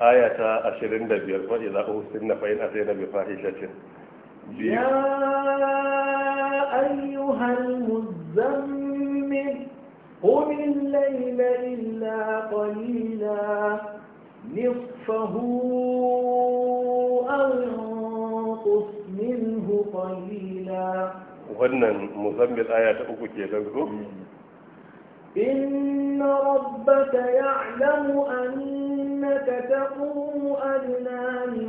aya ta 25 wa idza usinna fa in atayna bi fahishatin
ya
ayyuhal muzammil qum al-layla illa qalila nisfahu aw inqus minhu qalila
wannan musammin aya ta uku ke don zo?
inna rabbaka ya'lamu annaka taqumu adna min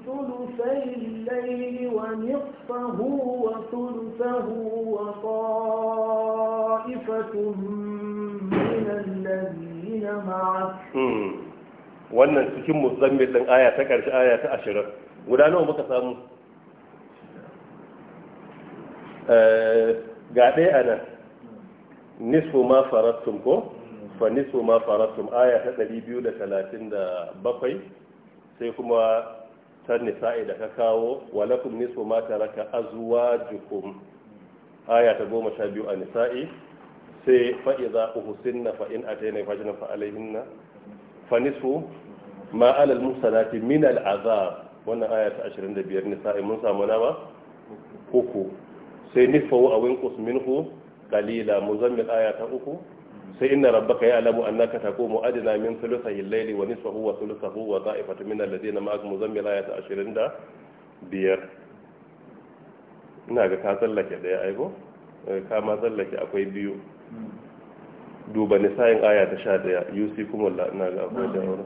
thuluthay al-layli wa nisfahu wa thuluthahu wa ta'ifatun min alladhina ma'ak
hmm. wannan cikin muzammil din aya ta karshe aya ta 20 guda nawa muka samu Eh, ga ɗaya a nan nisfu ma faratun ko fa nisfu ma faratun aya ta 237 sai kuma ta nisa'i da ka kawo walakum nisfu ma taraka azwajukum aya ta 12 a nisa'i sai fa idza uhsinna fa in atayna fajna fa alayhinna fa nisfu ma alal musalati min al azab wannan aya ta 25 nisa'i mun samu nama ba uku sai nifahu a winkus mu zan muzammil aya ta uku sai rabba ka yi alamu an naka ta komo adina min thuluthayi al-layli wa nisfahu wa thuluthahu wa ta'ifatu min mu zan muzammil aya ta ashirin da biyar ina ga ka tsallake daya aiko eh, ka ma tsallake akwai biyu duba nisayin aya ta sha ɗaya yusi kuma ina ga akwai da wani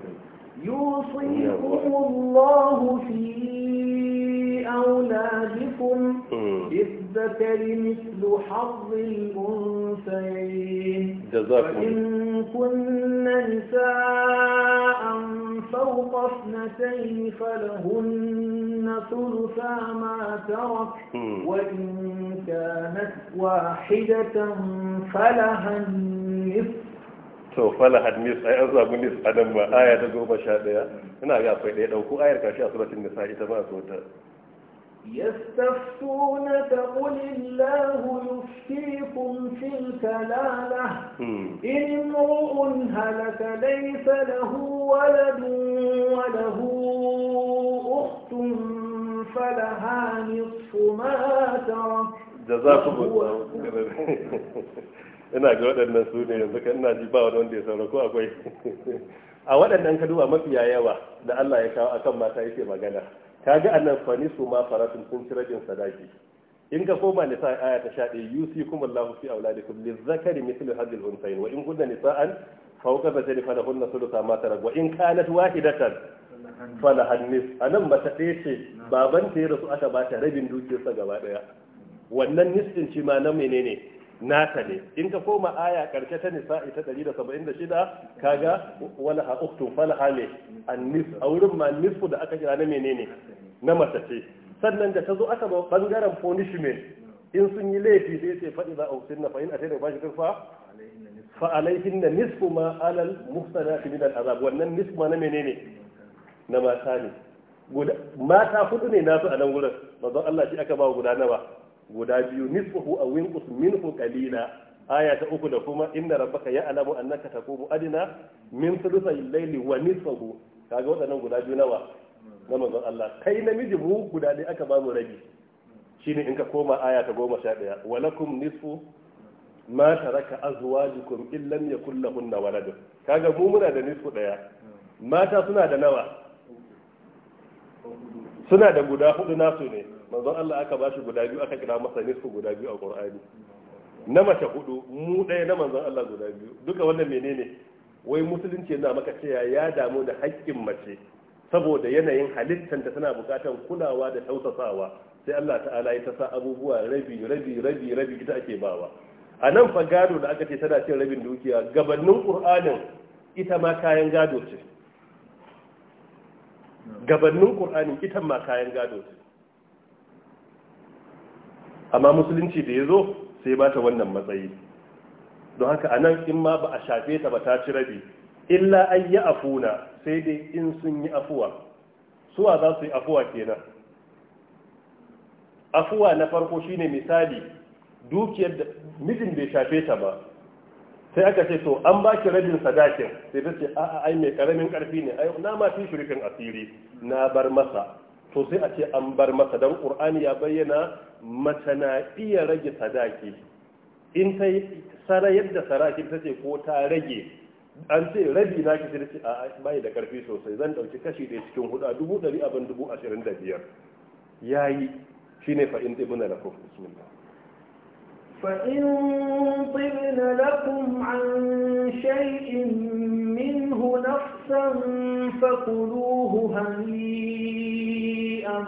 yusikum Allah fi أولادكم للذكر مثل حظ الأنثيين
فإن
كن نساء فوق اثنتين فلهن ثلثا ما ترك وإن كانت واحدة فلها النصف
to fala hadnis ai an samu nis a nan ma aya ta goma sha daya ina ga akwai ɗaya ɗauko ayar kashi a suratun nisa ita ma a so ta
يستفتونك قل الله يفتيكم في الكلالة إن امرؤ هلك ليس له ولد وله أخت فلها نصف ما ترك
جزاكم الله ina ga waɗannan su ne yanzu kan ina ji ba wani wanda ya saura ko akwai a waɗannan kaduwa mafiya yawa da Allah ya kawo akan mata yake magana kaga annan fani su ma faratun sun ci rajin sadaki in ka koma nisa aya ta yusi kuma Allahu fi auladikum lizakari mithlu hadhihi al-unthayn wa in kunna nisa'an fawqa bazali falahunna thulutha ma tarak wa in kanat wahidatan falahan nis anan mata ɗaya ce baban ta ya rasu aka ba ta rabin dukiyarsa gaba daya wannan nisɗin shi ma na menene nata ne in ka koma aya karshe ta nisa ita 176 kaga wala ha uktu fala ha an nis a wurin ma nisfu da aka kira na menene na matace sannan da ta zo aka ba bangaren punishment in sun yi laifi sai ce faɗi za a usin na fa'in a taida ba shi kirfa fa alaihin na nisfu ma alal muhsana fi min azab wannan nisfu ma na menene na mata ne mata hudu ne nasu a nan gurin bazan Allah shi aka ba guda ba guda biyu nisfuhu aw yunqus minhu qalila aya ta uku da kuma inna rabbaka ya'lamu annaka taqumu adna min thuluthi al-layli wa nisfahu kaga waɗannan guda biyu nawa na manzon Allah kai namiji mu guda ne aka bamu rabi shine in ka koma aya ta goma sha ɗaya walakum nisfu ma taraka azwajukum in lam yakul lahunna walad kaga mu muna da nisfu ɗaya mata suna da nawa suna da guda hudu nasu ne manzon Allah aka ba shi guda biyu aka kira masa nisfu guda biyu a Qur'ani na mace hudu mu ɗaya na manzon Allah guda biyu duka wannan menene wai musulunci yana maka cewa ya damu da haƙƙin mace saboda yanayin halittar da tana buƙatar kulawa da tausasawa sai Allah ta'ala ya tasa abubuwa rabi rabi rabi rabi ita ake bawa a nan fa gado da aka ce tana cin rabin dukiya gabanin Qur'anin ita ma kayan gado ce gabanin Qur'anin ita ma kayan gado ce amma musulunci da ya zo sai ba ta wannan matsayi don haka a nan in ma ba a shafe ta ba ta ci rabi illa an yi afuna sai dai in sun yi afuwa suwa za su yi afuwa kenan afuwa na farko shine misali dukiyar da mijin bai shafe ta ba sai aka ce to an ba ki rabin sadakin sai ta ce a'a ai mai karamin karfi ne ai na ma fi shirkin asiri na bar masa to sai a ce an bar masa don ƙur'ani ya bayyana mace na iya rage sadaki in ta sara yadda sarakin ta ce ko ta rage an ce rabi na ki sai a bai da karfi sosai zan dauki kashi da cikin hudu a dubu dari abin dubu ashirin da biyar ya yi shi ne fa'in ɗibin da lafi bismillah
lakum an shay'in عن شيء منه نفسا فكلوه هنيئا شيئا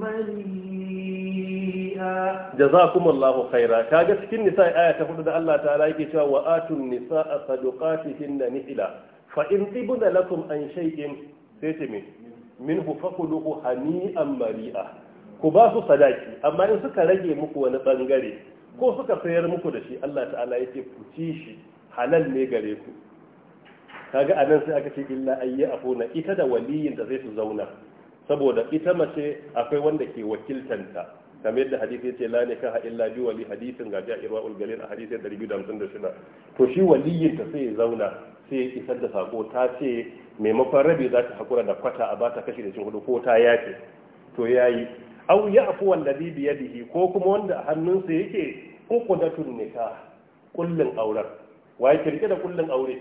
مليئا
جزاكم الله خيرا nisa سكن نساء آية تقول الله تعالى يكي وآتوا النساء صدقاتهن نحلا فإن طبن لكم عن شيء سيتمي minhu fakuluhu hani'an mari'a ku ba su sadaki amma in suka rage muku wani bangare ko suka sayar muku da shi Allah ta'ala yake ku ci shi halal ne gare ku kaga abin sai aka ce illa a afuna ita da waliyin da zai su zauna saboda ita mace akwai wanda ke wakiltanta kamar yadda hadisi yace la nikaha illa bi wali hadisin ga ja'irul galil a hadisi 256 to shi waliyin ta sai ya zauna sai ya isar da sako ta ce maimakon rabi za ta hakura da kwata a bata kashi da cin hudu ko ta yace to yayi aw ya'fu wallazi bi yadihi ko kuma wanda a hannunsa yake uqdatun nikah kullun auren wa yake kirke da kullun aure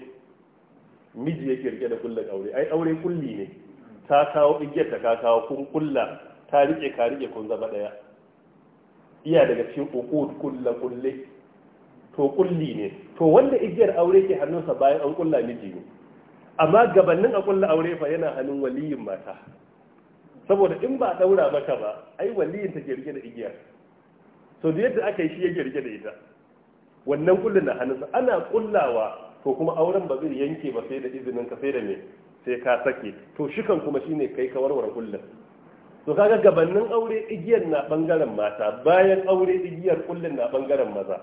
miji yake kirke da kullun aure ai aure kulli ne ta kawo igiyar ka kawo kun kulla ta rike ka rike kun zama daya iya daga cikin uqud kulla kulle to kulli ne to wanda igiyar aure ke hannunsa bayan an kulla miji ne amma gabanin a kulla aure fa yana hannun waliyin mata saboda in ba a daura maka ba ai waliyin ta ke rike da igiyar so da yadda aka yi shi yake rike da ita wannan kullun na hannunsa ana kullawa to kuma auren ba zai yanke ba sai da izinin ka sai da me sai ka sake to shi kan kuma shine kai ka warware kullum to kaga gabanin aure igiyar na bangaren mata bayan aure igiyar kullum na bangaren maza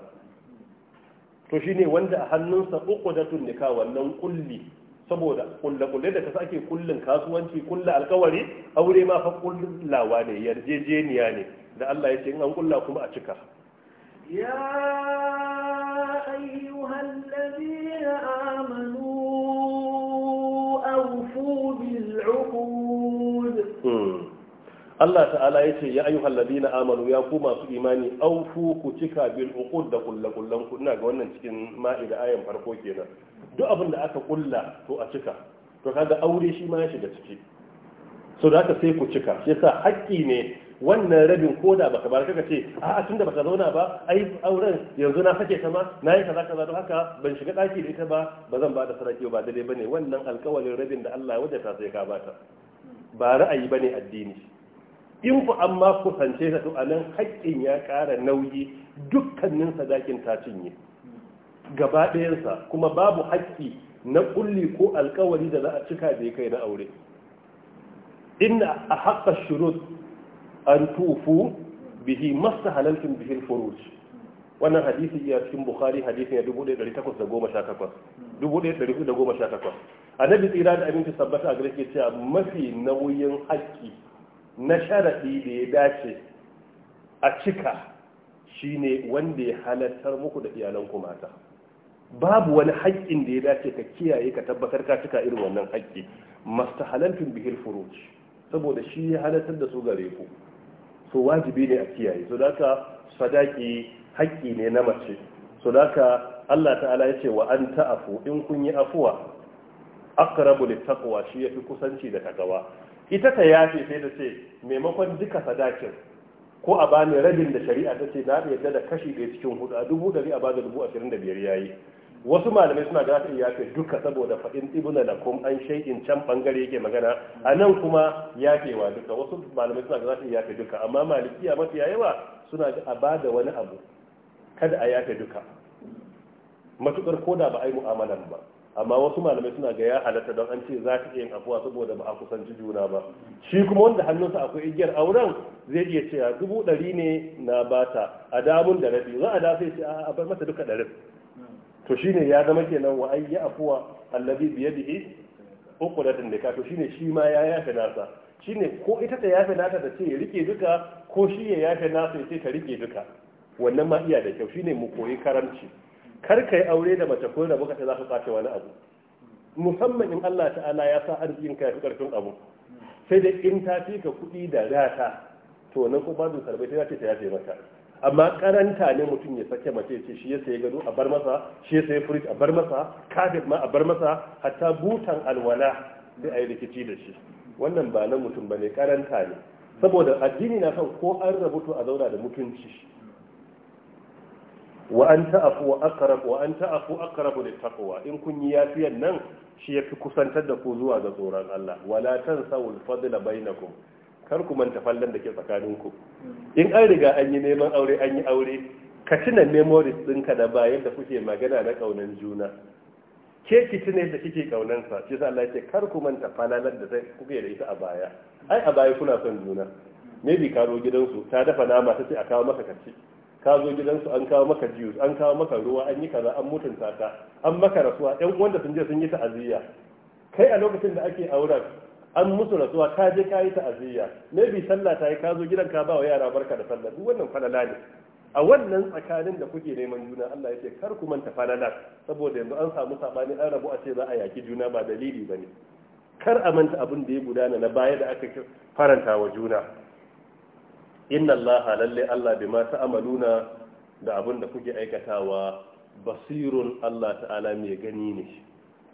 to shine wanda a hannunsa uku uqdatun nikah wannan kulli saboda kulle-kulle da ta sake kullun kasuwanci kulla alkawari aure ma fa kullawa ne yarjejeniya ne da Allah ya ce in an kulla kuma a cika
ya ayyuhallazina amanu العقود
الله تعالى يتي يا أيها الذين آمنوا يا كما في إيماني أوفوا كتكا بالعقود لقل لقل لقل ناقا wannan cikin ma'ida ayan farko kenan duk abin da aka kulla ko a cika to kaga aure shi ma ya shiga ciki so da sai ku cika shi yasa haƙƙi ne wannan rabin ko da baka baraka ce a tun tunda baka zauna ba ai auren yanzu na sake ta ma na yi kaza kaza don haka ban shiga daki da ita ba ba zan ba da sadaki ba dai bane wannan alƙawarin rabin da Allah ya ta sai ka bata ba ra'ayi bane addini in ku amma kusance ta to anan haƙƙin ya ƙara nauyi dukkanin sadakin ta cinye gaba ɗayansa kuma babu haƙƙi na kulli ko alkawari da za a cika da ya kai na aure inna a haƙƙa shurut an tufu bihi masta halalcin bihi furuj wannan hadisi ya cikin bukhari hadisi ya 1818 na annabi tsira da aminci sabbata a ke cewa mafi nauyin haƙƙi na sharaɗi da ya dace a cika shine wanda ya halartar muku da iyalanku mata babu wani haƙƙin da ya dace ka kiyaye ka tabbatar ka cika irin wannan haƙƙi masta halaltun bihil furuci saboda shi ya halartar da su gare ku so wajibi ne a kiyaye so da sadaki haƙƙi ne na mace so da Allah ta'ala ya ce wa an ta'afu in kun yi afuwa aqrabu littaqwa shi yafi kusanci da kagawa ita ta yafe sai da ce maimakon duka sadakin ko a bani rabin da shari'a ta ce na yarda da kashi ɗaya cikin hudu a dubu ɗari a bada dubu ashirin da biyar yayi wasu malamai suna ga ta yafe duka saboda faɗin ibuna da kuma an shaikin can bangare yake magana a nan kuma wa duka wasu malamai suna ga ta yafe duka amma malikiya mafiya yawa suna ga a ba da wani abu kada a yafe duka matukar koda ba a yi mu'amalan ba amma wasu malamai suna ga ya halatta don an ce za ta iya yin afuwa saboda ba a kusanci juna ba shi kuma wanda hannunsa akwai igiyar auren zai iya cewa dubu ɗari ne na bata a damun da rabi za a da sai ce a bar mata duka ɗarin to shine ya zama kenan wa ayya afuwa allazi bi yadihi uqdatun nikah to shine shi ma ya yafe nasa shine ko ita ta yafe nata da ce ya rike duka ko shi ya yafe nasa ya ce ta rike duka wannan ma iya da kyau shine mu koyi karamci kar kai aure da mace ko da baka ta za ka kwace wani abu musamman in Allah ta'ala ya sa arzikin ka yafi karfin abu sai da in ta fi ka kuɗi da rata to nan ko babu sarbai ta ce ta yafe maka amma karanta ne mutum ya sake mace ce shi ya sayi gado a bar masa shi ya sayi fridge a bar masa kafet ma a bar masa hatta butan alwala sai a yi rikici da shi wannan ba nan mutum ba ne karanta ne saboda addini na kan ko an rabutu a zauna da mutunci wa an ta'afu wa aqrabu wa an ta'afu aqrabu lit taqwa in kun yi yafiyan nan shi yafi kusantar da ku zuwa ga tsoron Allah wala tansawul fadla bainakum kar ku manta fallan da ke tsakaninku in an riga an yi neman aure an yi aure ka tuna memories ɗinka da bayan da kuke magana na ƙaunan juna ke ki tuna da kike ƙaunansa shi sa Allah ya ce kar ku manta falalar da sai kuke da ita a baya ai a baya kuna son juna bi ka zo gidansu ta dafa nama ta ce a kawo maka kaci ka zo gidansu an kawo maka juice an kawo maka ruwa an yi kaza an mutunta ka an maka rasuwa ɗan wanda sun je sun yi ta'aziyya kai a lokacin da ake aura an musu rasuwa ka je ka yi ta'aziyya bi sallah ta yi ka zo gidan ka ba wa yara barka da sallah duk wannan falala ne a wannan tsakanin da kuke neman juna Allah ya ce kar ku manta falala saboda yanzu an samu sabani an rabu a ce za a yaki juna ba dalili ba ne. kar a manta abin da ya gudana na baya da aka faranta wa juna inna allaha lalle allah bi ma ta'maluna da abin da kuke aikatawa basirun allah ta'ala mai gani ne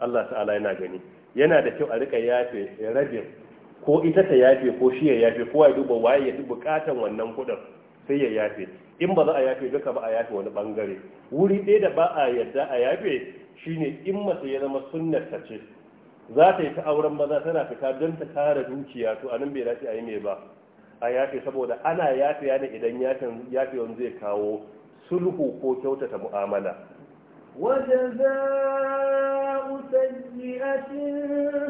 Allah ta'ala yana gani yana da kyau a rika yafe rabin ko ita ta yafe ko shi ya yafe ko ya duba waye ya duba katan wannan kudin sai ya yafe in ba za a yafe duka ba a yafe wani bangare wuri ɗaya da ba a yadda a yafe shine in mace ya zama sunnar ta ce za ta yi ta auren maza tana fita don ta tara dukiya to anan bai dace a yi mai ba a yafe saboda ana yafe yana idan yafe wani zai kawo sulhu ko kyautata mu'amala
وجزاء سيئة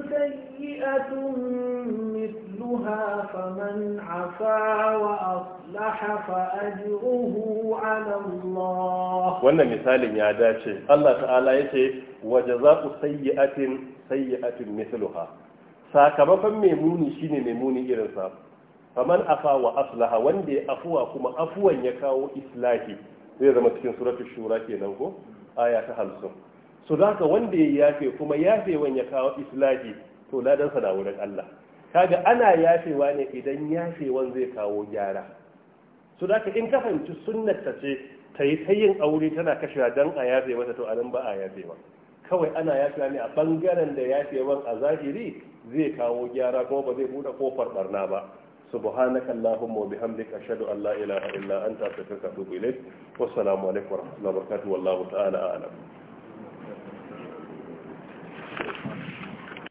سيئة مثلها فمن عفا وأصلح فأجره على الله وانا
مثال يا داشي الله تعالى يتي وجزاء سيئة سيئة مثلها sakamakon mai muni shine mai muni irinsa faman afa wa aslaha wanda ya afuwa kuma afuwan ya kawo islahi zai zama cikin suratul shura kenan ko aya ta hamsin su za ka wanda ya yafe kuma yafewan ya kawo islahi to ladansa na wurin Allah kaga ana yafewa ne idan yafewan zai kawo gyara su za ka in ka fahimci ta ce ta yi ta yin aure tana kashewa dan a yafe mata to anan ba a yafewa kawai ana yafewa ne a bangaren da yafewan a zahiri zai kawo gyara kuma ba zai buɗe kofar barna ba subhanaka allahumma wa bihamdika ashhadu an la ilaha illa anta astaghfiruka wa atubu ilaik wa rahmatullahi wa barakatuh wallahu ta'ala a'lam